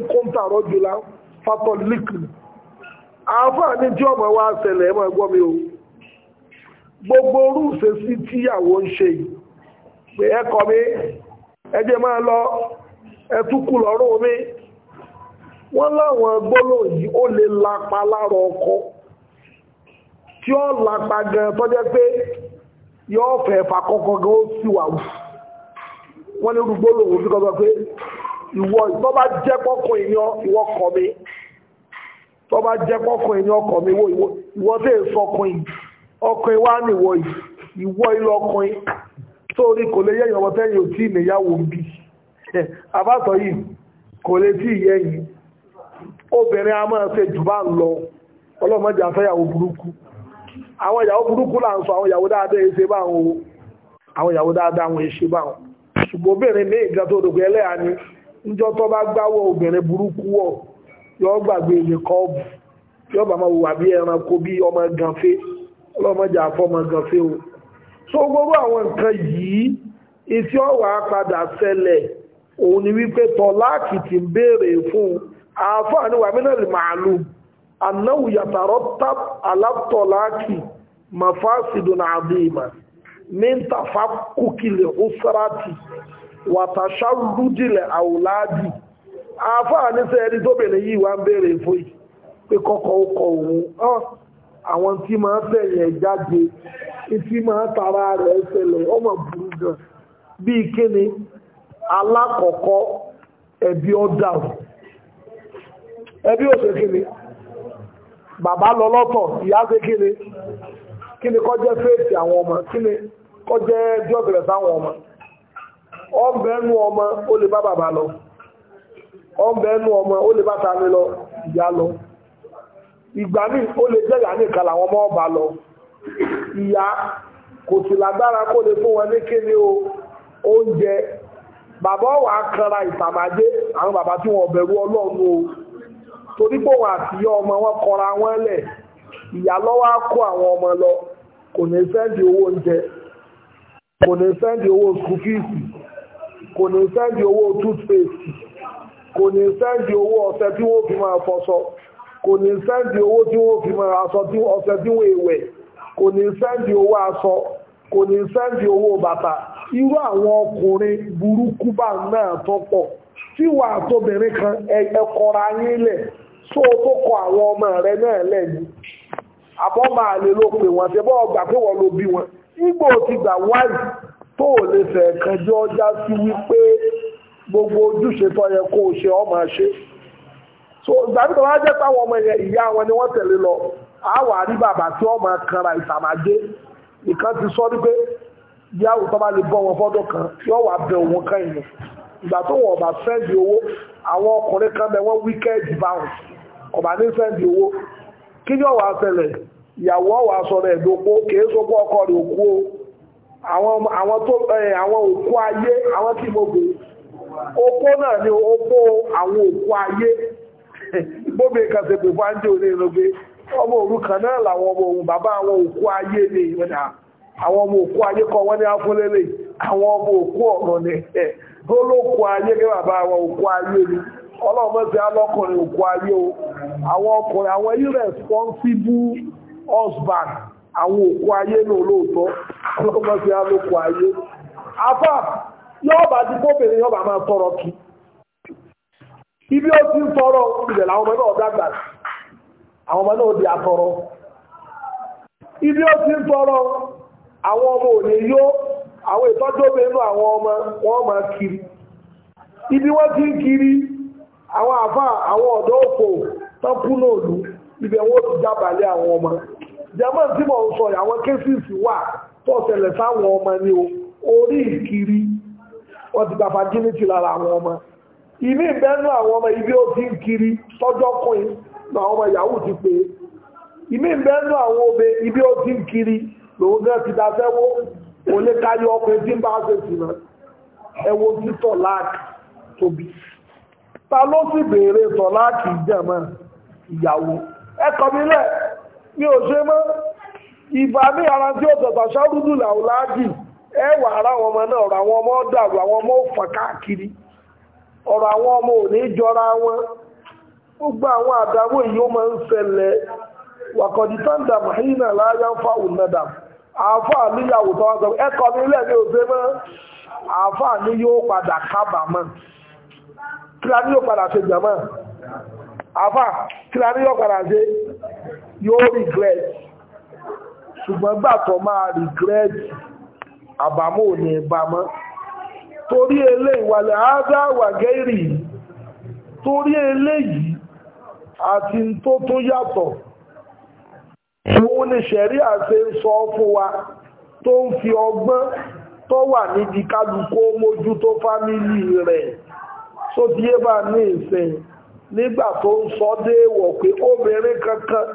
ńkúntà rọ́jùlá fatọ̀ líkì àǹfààní tí ọmọ wa gbogbo orúṣe sí tíyàwó ń ṣe yìí pé ẹkọ̀ mi ẹjẹ́ máa lọ ẹtúkù lọ́rùn mi wọ́n láwọn gbólò yìí ó lè lapa lára ọkọ tí ó lapa gan tó jẹ́ pé yóò fẹ́ fàkọ́kọ́ gan ó sì wà wọ́n ní gbólò òun síkọ́ sọ pé ìwọ tó bá jẹ́ pọ́kùn èèyàn ìwọ kọ̀ mi tó bá jẹ́ pọ́kùn èèyàn ọkọ̀ mi ìwọ tó èso ọkùn yìí ọkùnrin wá nìwọ ìwọ ilé ọkùnrin sórí kò lè yẹ̀yìn ọmọ tẹ́yìn òtí ìnìyàwó ń bí àbátọ̀ yìí kò lè tí ìyẹ̀yìn obìnrin a máa ṣe jù bá ń lọ ọlọ́mọdé àfẹ́yàwó burúkú àwọn ìyàwó burúkú là ń sọ àwọn ìyàwó dáadáa ṣe bá wọn o àwọn ìyàwó dáadáa wọn ṣe bá wọn ṣùgbọ́n obìnrin ní ìgbà tó dògbé ọlọ́mọjà àfọmọgàn fi o so gbogbo àwọn nǹkan yìí isi ọ̀wà padà ṣẹlẹ̀ òun ni wípé ti ń béèrè fún àáfàá ní wàmínàlì màálù anáwù yàtàrọ́ tap aláàtọ̀láàkì mafasidun àdìmà mínta fákùkìlẹ̀ ọ̀sáràtì wàtàṣàrùdìlẹ̀ àwòláàdì àáfàá ní sẹ́yẹ́dì ni yìí wá ń béèrè fún yìí pé kọ́kọ́ ó kọ òun àwọn tí máa fẹ̀yẹ̀ jáde tí máa tara rẹ̀ ṣẹlẹ̀ ọmọ burú gan bíi ni alákọ̀ọ́kọ́ ẹbí ọ̀dà ẹbí òṣè ni bàbá lọ lọ́tọ̀ ìyá kí ni kí ni jẹ́ fèsì àwọn ọmọ kí ni jẹ́ jọ́bẹ̀rẹ̀ sáwọn ọmọ ọmọ ó lè bá bàbá lọ ọmọ ó lè bá lọ ìyá lọ ìgbà míì ó lè jẹ́ ìyá nìkan làwọn ọmọ ọba lọ ìyá kò sì lágbára kó lè fún wọn ní kíni o oúnjẹ bàbá ọwà kanra ìtàmàdé àwọn bàbá tí wọn bẹ̀rù ọlọ́run o torí pé òun àti ìyá ọmọ wọn kọra wọn lẹ̀ ìyá lọ́wọ́ á kó àwọn ọmọ lọ kò ní sẹ́ndì owó oúnjẹ kò ní sẹ́ndì owó skufíìsì kò ní sẹ́ndì owó tútfèsì kò ní sẹ́ndì owó ọ̀sẹ̀ tí wọ́n fi máa fọṣọ. kò ní sẹ́ǹdì owó tí wọ́n fi máa aṣọ ọ̀sẹ̀ tí wọ́n èwẹ̀ kò ní sẹ́ǹdì owó aṣọ kò ní sẹ́ǹdì owó bàtà irú àwọn ọkùnrin burúkú bá náà tọ́pọ̀ tí wà tóbìnrin kan ẹkọra yín lẹ̀ só tó kọ àwọn ọmọ rẹ náà lẹ́yìn àbọ̀ máa lè ló pè wọ́n ṣe bọ́ ọgbà pé wọ́n ló bí wọn nígbò ti gbà wáyì tó o lè fẹ̀ jọ já sí wípé gbogbo ojúṣe tó yẹ kó o ṣe ọmọ ṣe so ìgbàmí tó bá jẹ́ táwọn ọmọ yẹn ìyá wọn ni wọ́n tẹ̀lé lọ àwọ̀ àrí bàbá tí wọ́n máa kanra ìsàmàjé nìkan ti sọ wípé yàwó tó bá lè bọ́ wọn fọ́dọ̀ kan yọ wà bẹ òun kan ìyẹn ìgbà tó wọn ọba sẹ́ndì owó àwọn ọkùnrin kan bẹ wọ́n wíkẹ́ẹ̀dì báwọn ọba ní sẹ́ndì owó kí ni ọwọ́ àtẹlẹ̀ ìyàwó ọwọ́ aṣọ rẹ̀ dòpó kìí sọpọ̀ ọkọ rẹ̀ òkú o àwọn òkú ayé àwọn tí mo gbé okó náà ni okó àwọn òkú ayé gbogbo kàṣẹ pé fún àǹjẹ́ òní ìlú kanal ọmọ òru kan bàbá àwọn òkú ayé ni ìwẹ̀dà àwọn ọmọ òkú ayé kọ ní afúnlélẹ̀ àwọn ọmọ òkú ọ̀rọ̀ ni ẹ̀ olókù anyị ayé ni ọlọ́mọ ti ayé o àwọn ọkùnrin ibi ó ti ń tọrọ ìbẹ̀ làwọn ọmọ náà dàgbà àwọn ọmọ náà di atọrọ ibi ó ti ń tọrọ àwọn ọmọ òní yó àwọn ìtọ́jú obìnrin náà àwọn ọmọ wọn máa kiri ibi wọ́n ti ń kiri àwọn àfà àwọn ọ̀dọ́ òfò tán kú náà lù ibi ẹ̀wọ́n ti jábàlẹ̀ àwọn ọmọ german tí mo ń sọ àwọn kéfìsì wà tó ṣẹlẹ̀ sáwọn ọmọ ni o orí ìkiri wọ́n ti gba fagility lára àwọn ọmọ ìmí ìbẹ́nu àwọn ọmọ ibi ó ti ń kiri tọ́jọ́ ọmọ yahoo ti pé ìmí ìbẹ́nu àwọn ibi ó ti ń kiri lòun náà ti dáfẹ́wó olè káyọ ọkùnrin tí ń bá ṣe sí náà ẹwọ ta ló sì béèrè tọ̀ ìjẹ̀mọ́ ìyàwó ẹkọ̀ mi lẹ̀ mi ò ṣe mọ́ ìfà ara tí ó tọ̀tọ̀ ara àwọn ọmọ náà ọ̀rọ̀ àwọn ọmọ ò ní jọra wọn gbogbo àwọn àdáwò yìí ó máa ń ṣẹlẹ̀ wàkọ̀dítàndà mahina láyá ń fa ònàdà àáfàá níyàwó tó wá sọ ẹkọ mi lẹ́ẹ̀mí òfé mọ́ àáfàá ní yóò padà ní yóò padà ṣe jàmọ́ àáfàá ní yóò padà ṣe yóò regret ṣùgbọ́n gbàtọ̀ máa regret torí elé ìwàlẹ̀ àádáwà gẹ́rì torí elé yìí àti tó tún yàtọ̀ òun ni ṣẹ̀rí àṣẹ ń sọ fún wa tó ń fi ọgbọ́n tó wà níbi kálukó mójútó fámílì rẹ̀ sódíé bá ní ìsìn nígbà tó ń sọ déèwọ̀ pé obìnrin kankan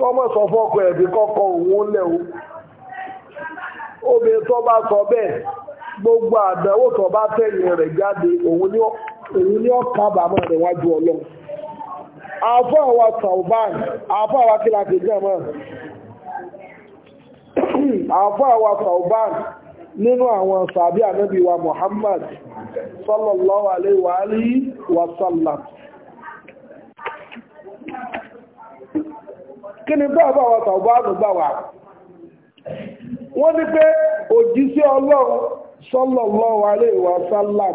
kọ́mọ̀ sọ fọ́kọ ẹ̀bí kọ́kọ́ òun lẹ̀ o obìnrin tó bá sọ bẹ́ẹ̀ gbogbo àdánwò tó bá tẹ̀yìn rẹ̀ jáde òun ni ó kábàámọ̀ rẹ̀ wájú ọlọ́run àfọ́ àwa salvan àfọ́ àwa kílàkì jẹ́mọ́ àfọ́ àwa salvan nínú àwọn sàbí ànábì wa Muhammad sallallahu alaihi wà ní pé òjíṣẹ́ sallallahu alaihi wa wọn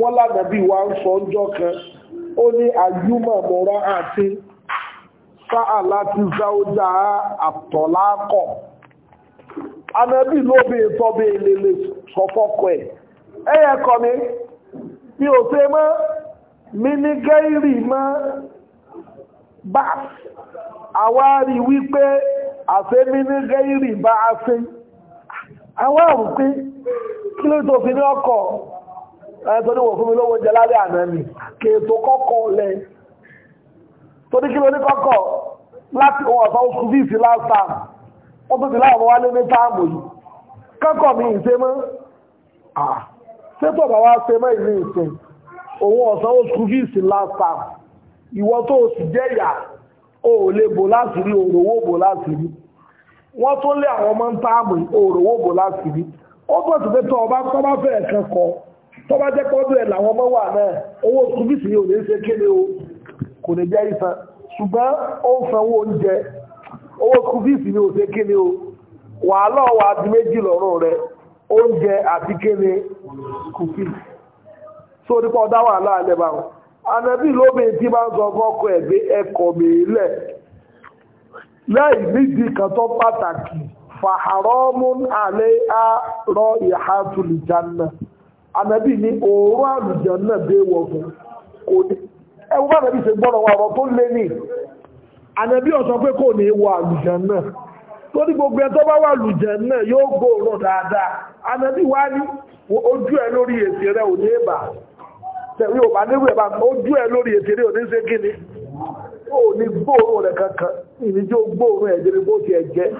wọ́n lánàbí ń sọ ọjọ́ kan ó ní àyúmọ̀ mọ́ra àti sáà láti záójá àtọ̀lákọ̀ anábì lóbi ìtọ́bí ilele sọfọ́kọ̀ ẹ̀ ẹ̀yẹ kọ́ mi mi ò ṣe mọ́ mi ní gẹ́rì mọ́ bá àwárí wípé àṣẹ ní gẹ́rì bá a ṣe àwọn àrùn pé kí ló tó fi ní ọkọ̀ ẹ̀tọ́ ní wọ̀n fún mi lówó jẹ lábẹ́ àná mi kèètò kọ́kọ́ lẹ torí kí ló ní kọ́kọ́ láti ohun ọ̀sán oṣù bíi sí last term wọ́n tó ti láwọn wálé ní táàmù yìí kọ́kọ́ mi ìṣe mọ́ ṣètò bàbá ṣe mọ́ ìlú ìsìn ohun ọ̀sán oṣù bíi sí last term ìwọ tó o sì jẹ́ ìyà o ò lè bò láti wọ́n tó lé àwọn ọmọ ń táàmù láti rí ó bọ̀ sí pé tó ọba bá fẹ́ ẹ̀kan kọ bá jẹ́ ẹ̀ làwọn ọmọ wà náà owó túbísì yóò lè ṣe kéde o kò lè jẹ́ ìsan ṣùgbọ́n ó ń owó oúnjẹ owó yóò ṣe o wàhálà méjì lọ́rùn rẹ oúnjẹ àti kéde kùfì nípa ọ̀dá láì nídìí katọ pataki pàtàkì fàhàrọ́mún àlẹ́ àrọ ìhà tùlùjánà ànábì ní òórùn àlùjánà dé wọ̀ kò ní ẹwọ́n bá ṣe gbọ́dọ̀ wà ọ̀rọ̀ tó lé ní ànábì ọ̀sán pé kò ní wọ àlùjánà tó ní gbogbo ẹ tó bá wà yóò gbòòrò dáadáa wá ní ojú ẹ lórí rẹ ò ní tẹ̀wé ní ṣe ìníjó gbóòrùn ẹ̀jẹ̀ bí bó ti ẹ̀jẹ̀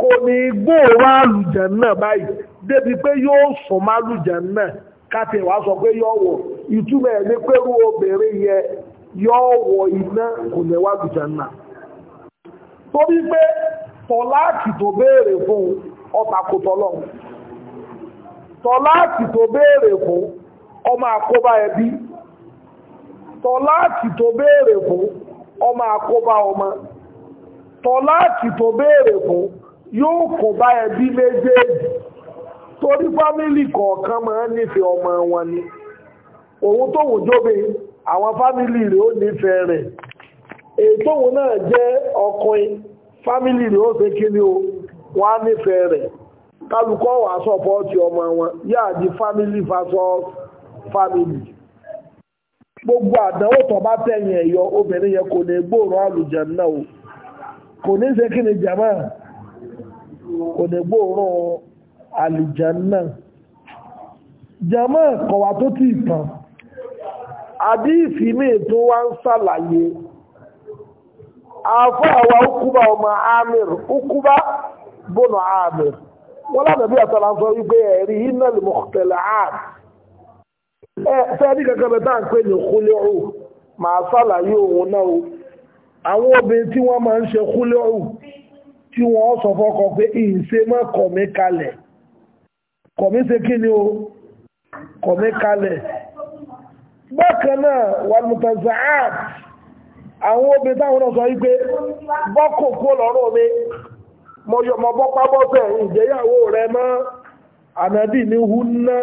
kò ní gbóòrùn àlùjẹ̀ náà báyìí débi pé yóò sùn má lùjẹ̀ náà káti wàá sọ pé yóò wọ̀ ìtumọ̀ ẹ̀ ní pẹ́rú obìnrin yẹ yóò wọ iná kò ní wá lùjẹ̀ náà torí pé tọ́láàkì tó béèrè fún ọtakò tọ́lọ́ tọ́láàkì tó béèrè fún ọmọ àkóbá ẹbí tọ́láàkì tó béèrè fún ọmọ àkóbá ọmọ tọ́láàkì tó béèrè fún yóò kó bá ẹbí méjèèjì torí fámílì kọ̀ọ̀kan máa ń nífẹ̀ẹ́ ọmọ wọn ni òun tó wù jóbe àwọn fámílì rẹ̀ ó nífẹ̀ẹ́ rẹ̀ èyí tóun náà jẹ́ ọkùnrin fámílì rẹ̀ ó ṣe kí ni o wọ́n nífẹ̀ẹ́ rẹ̀ kálukọ́ wà sọ́pọ́ọ̀tì ọmọ wọn yáà di fámílì versus fámílì gbogbo àdánwò tó bá tẹ̀yìn ẹ̀yọ obìnrin yẹn kò ní gbòòrò àlùjànnà o kò ní ṣe kí ni jama kò ní gbóòrùn àlìjánà jama kọ̀wà tó ti tàn àdífì míì tó wá ń sàlàyé àfáàwà ukuba ọmọ amir ukuba bọ́nà amir wọ́n lánàbí àtàlà sọ wípé ẹ̀rí iná lè mọ̀kẹ̀lẹ̀ ààrẹ ẹ̀ fẹ́ẹ́ ní kankan bẹ̀ tá à ní kúlẹ̀ ọ̀hún màá sàlàyé òun náà àwọn obìnrin tí wọ́n máa ń ṣe kúlẹ̀ ọ̀hún tí wọ́n sọ fọ́kọ pé ìṣe mọ́ kọ̀mí kalẹ̀ kọ̀mí ṣe kí ni o kọ̀mí kalẹ̀ bákan náà wà mùtàzà áàt àwọn obìnrin táwọn náà sọ wípé bọ́kò kó lọ́rùn mi mo yọ mọ bọ́pá bọ́sẹ̀ ìjẹyàwó rẹ mọ́ ànábì ní húnná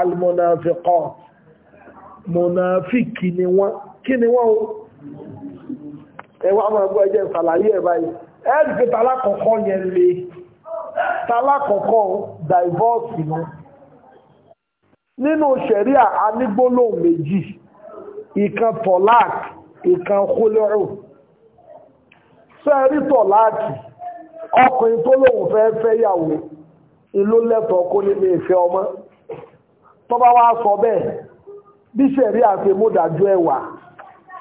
almunafiqat mùnàfíkì ni wọ́n kí ni wọ́n o ẹwà máa gbọ́ ẹjẹ́ ìsàlàyé ẹ̀ báyìí ẹ̀ẹ́dì pé talákọ̀ọ́kọ́ yẹn lè talákọ̀ọ́kọ́ dàìvọ́ọ̀sì nu nínú ṣẹ̀ríà anígbólóhùn méjì ìkan tọ̀láàk ìkan kólọ́rò sẹ́ẹ̀rí tọ̀láàkì ọkùnrin tó lóhùn fẹ́ fẹ́ yàwó ìlú lẹ́tọ̀ọ́ kó nílé ìfẹ́ ọmọ tọ́ba wá sọ bẹ́ẹ̀ bí ṣẹ̀ríà ṣe mú dájú ẹ̀wà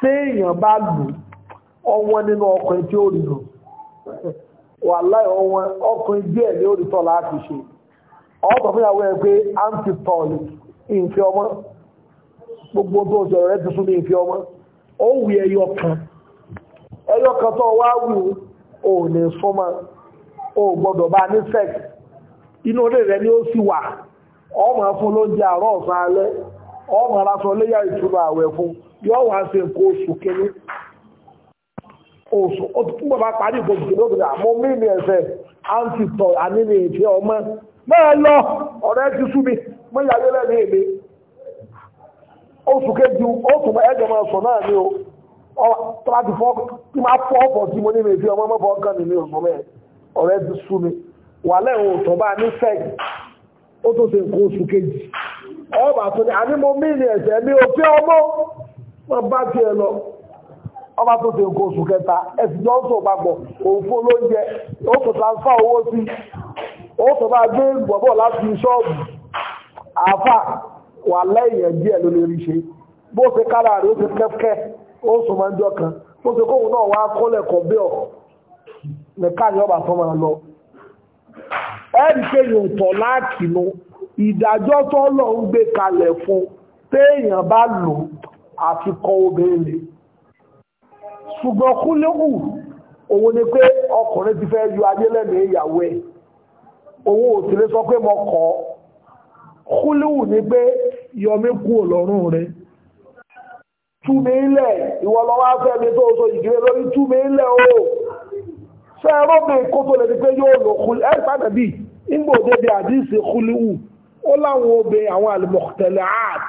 téèyàn bá lù ú ọwọ́n nínú ọkùnrin tí ó rí nù wà láì ọwọ́n ọkùnrin díẹ̀ ní orítọ́ láti ṣe ọ̀tọ̀ fún ìyàwó ẹ pé antitọ́ọ̀lì ìfẹ́ ọmọ gbogbo tó sọ̀rọ̀ rẹ ti sún ní ìfẹ́ ọmọ ó wù ẹyọ kan ẹyọ kan tó wá wù ò ní súnmọ́ ò gbọ́dọ̀ bá ní sex inú ilé rẹ ni ó sì wà ọmọ fún lóúnjẹ àárọ̀ ọ̀sán alẹ́ ọmọ aláṣọ léyà ìtura àwẹ̀ fún yóò wá ṣe nǹkan oṣù oṣù ọtụtụ mgbe parí ìgbòjì lóbìnrin àmọ́ mímí ẹ̀fẹ́ àǹtìtọ̀ àníní ìfẹ́ ọmọ mẹ́ẹ̀ lọ ọ̀rẹ́ ti sú mi mú ìyàwó lẹ́nu èmi o tọ́lá ti fọ́ tí máa fọ́ ọ̀pọ̀ tí mo ní mi ìfẹ́ mi mo ọba tó fi nǹkan oṣù kẹta ẹ̀sìn jọ ń sọ papọ̀ òun fún olóúnjẹ ó tó transfer owó sí ó tó bá gbé gbọ̀bọ̀ láti ṣọ́ọ̀bù àáfà wà lẹ́yìn díẹ̀ ló lè rí ṣe bó ṣe kára rẹ̀ ó ṣe kẹ́kẹ́ ó sọ máa ń jọ kan bó ṣe kóhun náà wá kọ́lẹ̀ kọ́ bí ọ̀ nìka ni ọba tó máa lọ ẹ̀rí pé yóò tọ̀ láàkì nu ìdájọ́ tó lọ ń gbé kalẹ̀ fún téèyàn bá lò àfikọ́ obìnrin ṣùgbọ́n kúlẹ́kù òun ni pé ọkùnrin ti fẹ́ yọ ayé lẹ́nu ìyàwó ẹ̀ òun ò sì lè sọ pé mo kọ̀ ọ́ kúlẹ́kù ni pé yọmí kú ọlọ́run rẹ túmí ilẹ̀ ìwọ lọ́wọ́ afẹ́mi tó so ìgbìlẹ̀ lórí túmí ilẹ̀ o fẹ́ rọ́bìn kó tó lè di pé yóò lò kúlẹ̀ ẹ̀ padà bíi nígbà òde bíi àdìsí kúlẹ́kù ó láwọn obè àwọn àlùmọ̀tẹ̀lẹ̀ ààt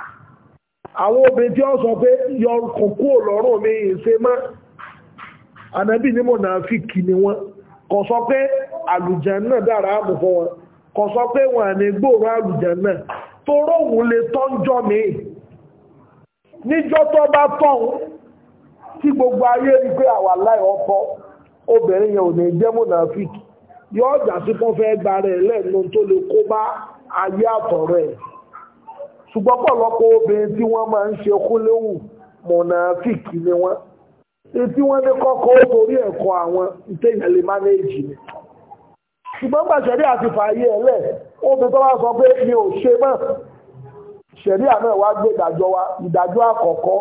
àwọn obè tí ó sọ pé yọ kòkó ọlọ́run mi ìṣe mọ́ ànábì ní mọ̀nàfíkì ni wọ́n kò sọ pé àlùjàn náà dára àmù fún wọn kò sọ pé wọn à ní gbòòrò àlùjàn náà tó róhùn lè tọ́jọ́ mi níjọ́ tó bá tọ̀hún tí gbogbo ayé rí pé àwa láì ọ̀pọ̀ obìnrin yẹn ò ní jẹ́ mọ̀nàfíkì yóò jà sí fún fẹ́ gba rẹ̀ lẹ́nu tó lè kó bá ayé àtọ̀rọ̀ ẹ̀ ṣùgbọ́n pọ̀lọpọ̀ obìnrin tí wọ́n máa ń ṣe kúléwù mọ̀nàfíkì ni wọ́n etí wọ́n ní kọ́kọ́ orí ẹ̀kọ́ àwọn ìtẹ́yìn lè mánéjì ni ṣùgbọ́n gbà ṣẹ̀rí àti fààyè ẹ̀lẹ́ obìnrin tó bá sọ pé mi ò ṣe mọ́ ṣẹ̀rí àmọ́ gbé ìdájọ́ wa ìdájọ́ àkọ́kọ́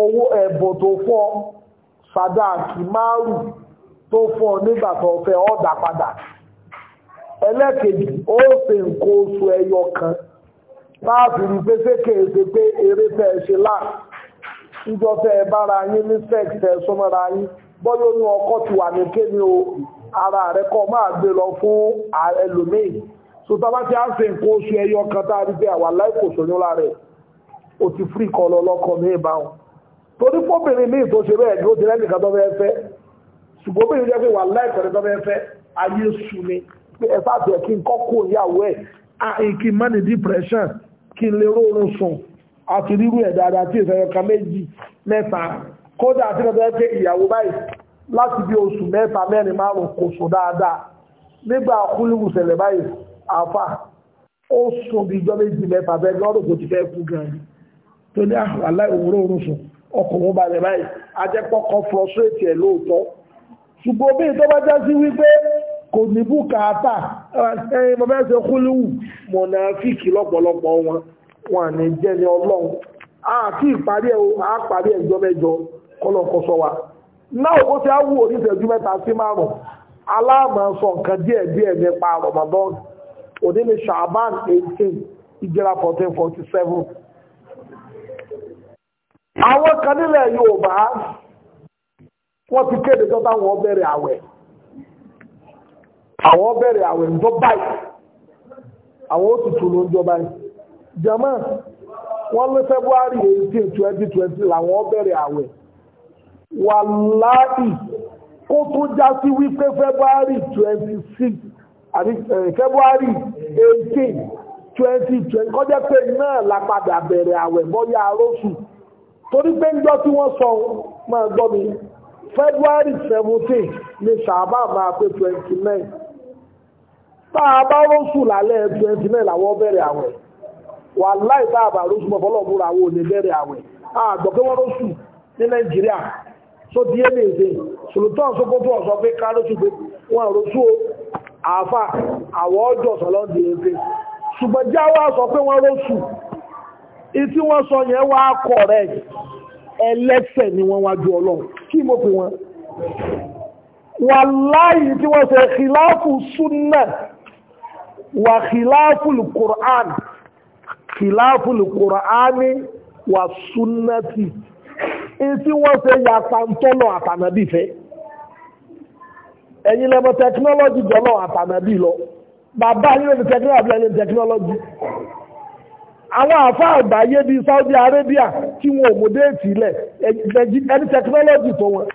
owó ẹ̀bùn tó fọ́ tó fọ́ nígbà tó fẹ́ ọ̀dà padà ẹlẹ́kejì ó ṣe ẹyọ kan pé ṣé kèé ṣe pé eré fẹ́ ṣe láàrín níjọ́fẹ́ bára yín ní sex ẹ̀ súnmọ́ra yín bọ́yọ́ ní ọkọ̀ ti wà ní kéde o ara rẹ̀ kọ́ máa gbé lọ fún ẹlòmíì so tábà tí a ń ṣe nǹkan oṣù ẹyọ kan tá a rí pé àwa láì kò sóyún o ti fún ìkọ́ lọ lọ́kọ̀ ní ìbáwọn torí fóbìnrin ní ìtòṣe bẹ́ẹ̀ ni ó ti lẹ́nìkan tó fẹ́ fẹ́ ṣùgbọ́n obìnrin jẹ́ ni pé ẹ sáà tẹ̀ kí n kọ́ kó ìyàwó ẹ̀ kí n má ní depression àti rírú ẹ̀ dáadáa tí ìfẹ́yọ kan méjì mẹ́ta kódà àti ìfẹ́yọ pé ìyàwó báyìí láti bí oṣù mẹ́ta mẹ́rin márùn-ún kò sùn dáadáa nígbà kúlùkù ṣẹlẹ̀ báyìí àfà ó sùn bí ijọ́ méjì mẹ́ta bẹ́ẹ̀ lọ́rùn kò ti fẹ́ kú gan-an tó ní àláì òwúrọ̀ òrùn sùn ọkọ̀ mú balẹ̀ báyìí ajẹ́pọ̀kọ̀ frustrate ẹ̀ lóòótọ́ ṣùgbọ́n bí tó bá jásí wípé kò ní bùkátà ẹ̀yìn mọ̀mẹ́sẹ̀ kúlùkù mọ̀nà fíìkì lọ́pọ̀lọpọ̀ wọn wọn ni jẹ́ ní ọlọ́run àti ìparí ẹ̀ a parí mẹ́jọ wa náà ó ti á oníṣẹ́jú mẹ́ta sí márùn-ún nǹkan díẹ̀ díẹ̀ nípa Ramadan òní 18 ìjẹ́ra 1447 àwọn kan nílẹ̀ Yorùbá wọ́n ti kéde tó táwọn bẹ̀rẹ̀ àwẹ̀ àwọn bẹ̀rẹ̀ àwẹ̀ ń jọ jama wọ́n ní february eighteen twenty twenty làwọn bẹ̀rẹ̀ àwẹ̀ wàláì kó tó já sí wípé february twenty six àti february eighteen twenty twenty kọjá pé náà la padà bẹ̀rẹ̀ àwẹ̀ bọ́yá arósù torí pé ń jọ tí wọ́n sọ máa gbọ́ mi february seventeen ni sàbá máa pé twenty nine tá a bá rósù lálẹ́ twenty nine làwọn bẹ̀rẹ̀ àwẹ̀ wà láì bá àbà rọ́ṣù mọ́ fọlọ́ múra àwọn òní bẹ̀rẹ̀ àwẹ̀ àgbọ̀ pé wọ́n rọ́ṣù ní nàìjíríà tó di é nìyẹn sòlùtọ́n sókótó ọ̀sọ́ pé ká rọ́ṣù pé wọ́n rọ́ṣù o àáfà àwọ̀ ọjọ́ sọ̀lọ́ di èké ṣùgbọ́n já wá sọ pé wọ́n rọ́ṣù ìtí wọ́n sọ yẹn wá kọ̀ rẹ̀ ẹlẹ́sẹ̀ ni wọ́n wájú ọlọ́run kí mo pè wọ́n wà láyìí tí wọ́n ṣe kìláàfù súnnà wà kìláàfù kùránì kìláàfùlù kùránì wà súnẹ́tì tí wọ́n ṣe yàtà ń àtànàbí fẹ́ ẹ̀yin lẹ́mọ tẹkinọ́lọ́jì jọlọ àtànàbí lọ bàbá yín lẹ́nu tẹkinọ́lọ́jì lẹ́nu tẹkinọ́lọ́jì àwọn àfáà àgbáyé bíi Saudi Arabia tí wọn ò mú déètì ilẹ̀ ẹni tẹkinọ́lọ́jì tó wọn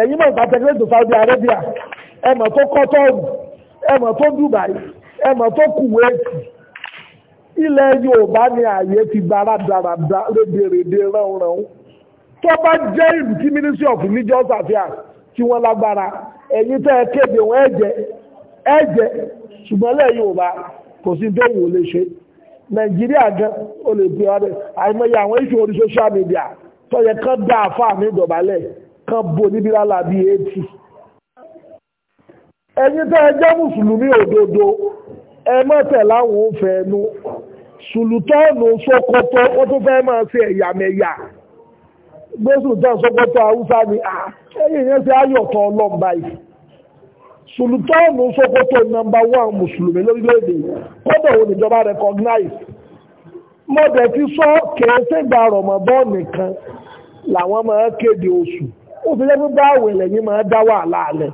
ẹ̀yin mọ̀ nípa tẹkinọ́lọ́jì Saudi Arabia ẹ̀mọ̀ tó kọ́tọ́ọ̀bù ẹ̀mọ̀ tó Dubai ẹ̀mọ̀ tó ilẹ̀ Yorùbá ni ààyè ti gbára dáradá rédèrèdè ránranun tó bá jẹ́ ìlú tí Ministry of Religious Affairs tí wọ́n lágbára ẹ̀yin tẹ́ ẹ kéde wọn ẹ̀jẹ̀ ẹ̀jẹ̀ ṣùgbọ́n lẹ́ Yorùbá kò sí tó wò lè ṣe Nàìjíríà gan ó lè pè ọdẹ àìmọye àwọn iṣu orí social media tó yẹ kán dá àfáà ní ìdọ̀bálẹ̀ kán bo níbi lálà bíi eighty ẹ̀yin tẹ́ ẹ jẹ́ mùsùlùmí òdodo ẹ mọ̀tẹ̀ láwọn ò fẹ́ nu sùlùtọ́ọ̀nù Sókótó ó tún fẹ́ máa ṣe ẹ̀yàmẹ̀yà gbé sùlùtọ́ọ̀nù Sókótó haúsá ni ah, ẹ̀yìn yẹn ṣe ayọ̀tọ̀ ọlọ́mba yìí sùlùtọ́ọ̀nù Sókótó nọmba wán mùsùlùmí lórílẹ̀-èdè kọ́dọ̀ òun ìjọba recognize mọ́dẹ̀ ti sọ kẹ̀ẹ́sẹ̀gbà rọ̀mọ̀bọ́ọ̀ nìkan làwọn máa kéde oṣù ó fi lẹ́nu bá àwẹ̀ lẹ́yìn máa dá wàhálà alẹ́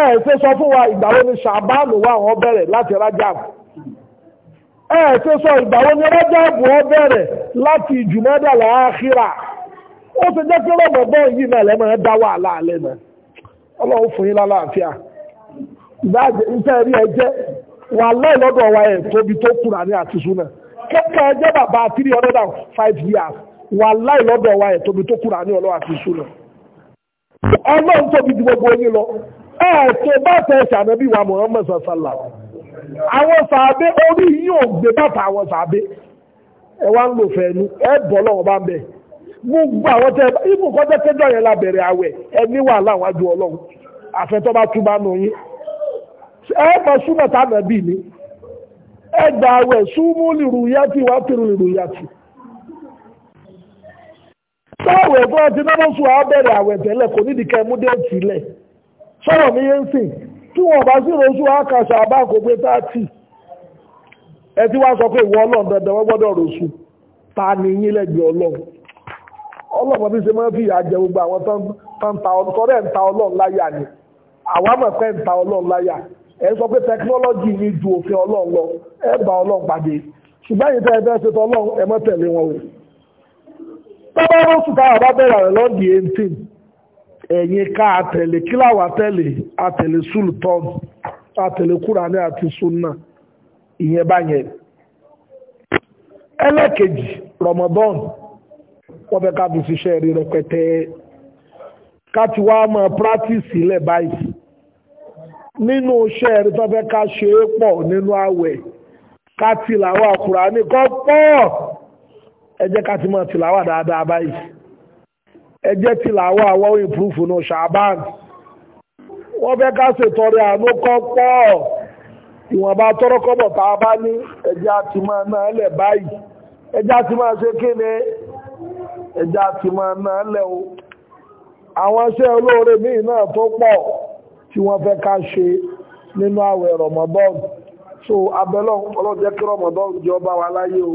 ẹ̀ ṣe sọ fún wa ìgbà wo ni ṣàbáàmù wa àwọn bẹ̀rẹ̀ láti rájà fún ẹ tó sọ ìgbàwó ní Rájàbù ó bẹ̀rẹ̀ láti ìjùmọ́dàlá àkírà ó ti jẹ́ kí rọ̀mọ̀bọ́ yìí náà lẹ́mọ̀ dá wà láàlẹ́ ọlọ́run fún yín lálàáfíà ìbáàjẹ́ iṣẹ́ rí wà wa ẹ̀ tóbi tó kùrà ní àtisú náà kẹ́kẹ́ ẹjẹ́ bàbá three hundred and five years wà lọ́ọ̀lọ́dọ̀ wa ẹ̀ tóbi tó ní ọlọ́ àwọn sàábé orí yìí ò gbé bàtà àwọn sàábé ẹ wá ń lò fẹ́ẹ́nu ẹ bọ́ lọ́wọ́ bá ń bẹ̀ gbogbo àwọn tẹ ibùn kọjá tẹjọ yẹn la bẹ̀rẹ̀ àwẹ̀ ẹ ní wà láwọn àjò ọlọ́run àfẹ́tọ́ bá túbá nù yín ẹ mọ súnmọ́ táwọn bíi ni ẹ gbà àwẹ̀ súnmú lìrù yàtì wà pẹ̀lú lìrù yàtì sọ́wọ́ ẹ̀fọ́ àti náà sùn àbẹ̀rẹ̀ àwẹ̀ tẹ́lẹ̀ kò nídìí kẹ́ mú dé tìlẹ̀ sọ́wọ́ mi yẹn ń sìn tí wọ́n bá sí rojú àkàṣà àbá kò pé táàtì ẹ tí wá sọ pé ìwọ ọlọ́run wọ́n gbọ́dọ̀ ta ni yín lẹ́gbẹ̀ẹ́ ọlọ́run ọlọ́run bí se mọ́ fi ìyà jẹ gbogbo àwọn tó ta ọ̀tọ́rẹ́ ń ọlọ́run láyà ni àwa mọ̀ pé ọlọ́run láyà ẹ sọ pé tẹkinọ́lọ́jì ẹ̀yin ká àtẹ̀lé kí láwọn àtẹ̀lé àtẹ̀lé sultan àtẹ̀lé kúránì àti sunna ìyẹn báyẹn ẹlẹ́kejì Ramadan wọ́n fẹ́ ká bí ṣiṣẹ́ rí rẹpẹtẹ ká ti wá máa practice ilẹ̀ báyìí nínú iṣẹ́ rí tó fẹ́ ká ṣe é pọ̀ nínú àwẹ̀ ká tìlàwà kúránì kọ́ pọ̀ ẹ jẹ́ ká ti máa tìlàwà dáadáa báyìí ẹ jẹ́ tí làwọn àwọn ìpúrúfù náà ṣàbán wọ́n fẹ́ ká ṣètọrẹ àánú kọ́ pọ̀ ìwọ̀nba tọ́rọ́kọ́bọ̀ tá a bá ní ẹjẹ́ àti máa náà lẹ̀ báyìí ẹjẹ́ àti máa ṣe kéde ẹjẹ́ àti máa náà lẹ̀ o àwọn iṣẹ́ olóore míì náà tó pọ̀ tí wọ́n fẹ́ ká ṣe nínú àwẹ̀ rọ̀mọ́dọ́n so abẹ́lọ́ ọlọ́jẹ́ kí rọ̀mọ́dọ́n jọba wa láyé o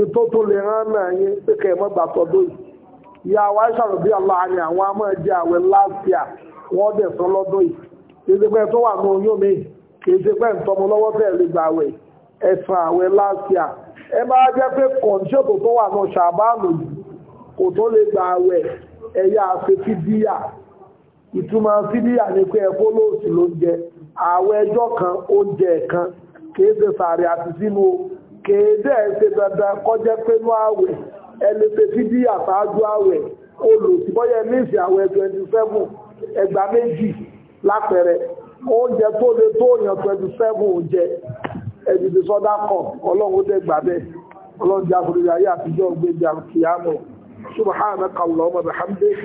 ètò tó lè rán náà yín pé kẹ́ ya mọ́ gbà yìí wa ṣàròbí aláàánú àwọn a máa àwẹ̀ láàfíà wọ́n dẹ̀ sọ lọ́dún yìí ìdígbẹ́ tó wà ní oyún mi ìdígbẹ́ ìtọ́mọ lọ́wọ́ tẹ̀ lè gbà àwẹ̀ ẹ̀sán àwẹ̀ láàfíà ẹ máa jẹ́ pé kọ̀ǹṣẹ́tò tó wà ní ṣàbáàlù yìí kò tó lè gbà ẹ̀yà àfẹ́fídíyà ìtumọ̀ fídíyà kan oúnjẹ kan kì í ṣe àti kèédé ẹ̀ṣẹ̀ dandan kọjẹ́ pẹ̀lú àwẹ̀ e fídí àtàájú àwẹ̀ olùsìbọ́yẹ níìsì àwẹ̀ 27 ẹgbà méjì lápẹẹrẹ oúnjẹ tó tó 27 oúnjẹ ẹ̀dìdì sọ́dá kan ọlọ́run dẹ̀ gbà bẹ́ẹ̀ ọlọ́run jẹ́ àfúrúyà ayé àtijọ́ gbéjì àkìyàmọ̀ subhanaka allahumma bihamdik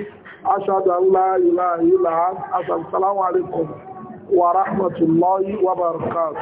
ashhadu an la ilaha illa anta wa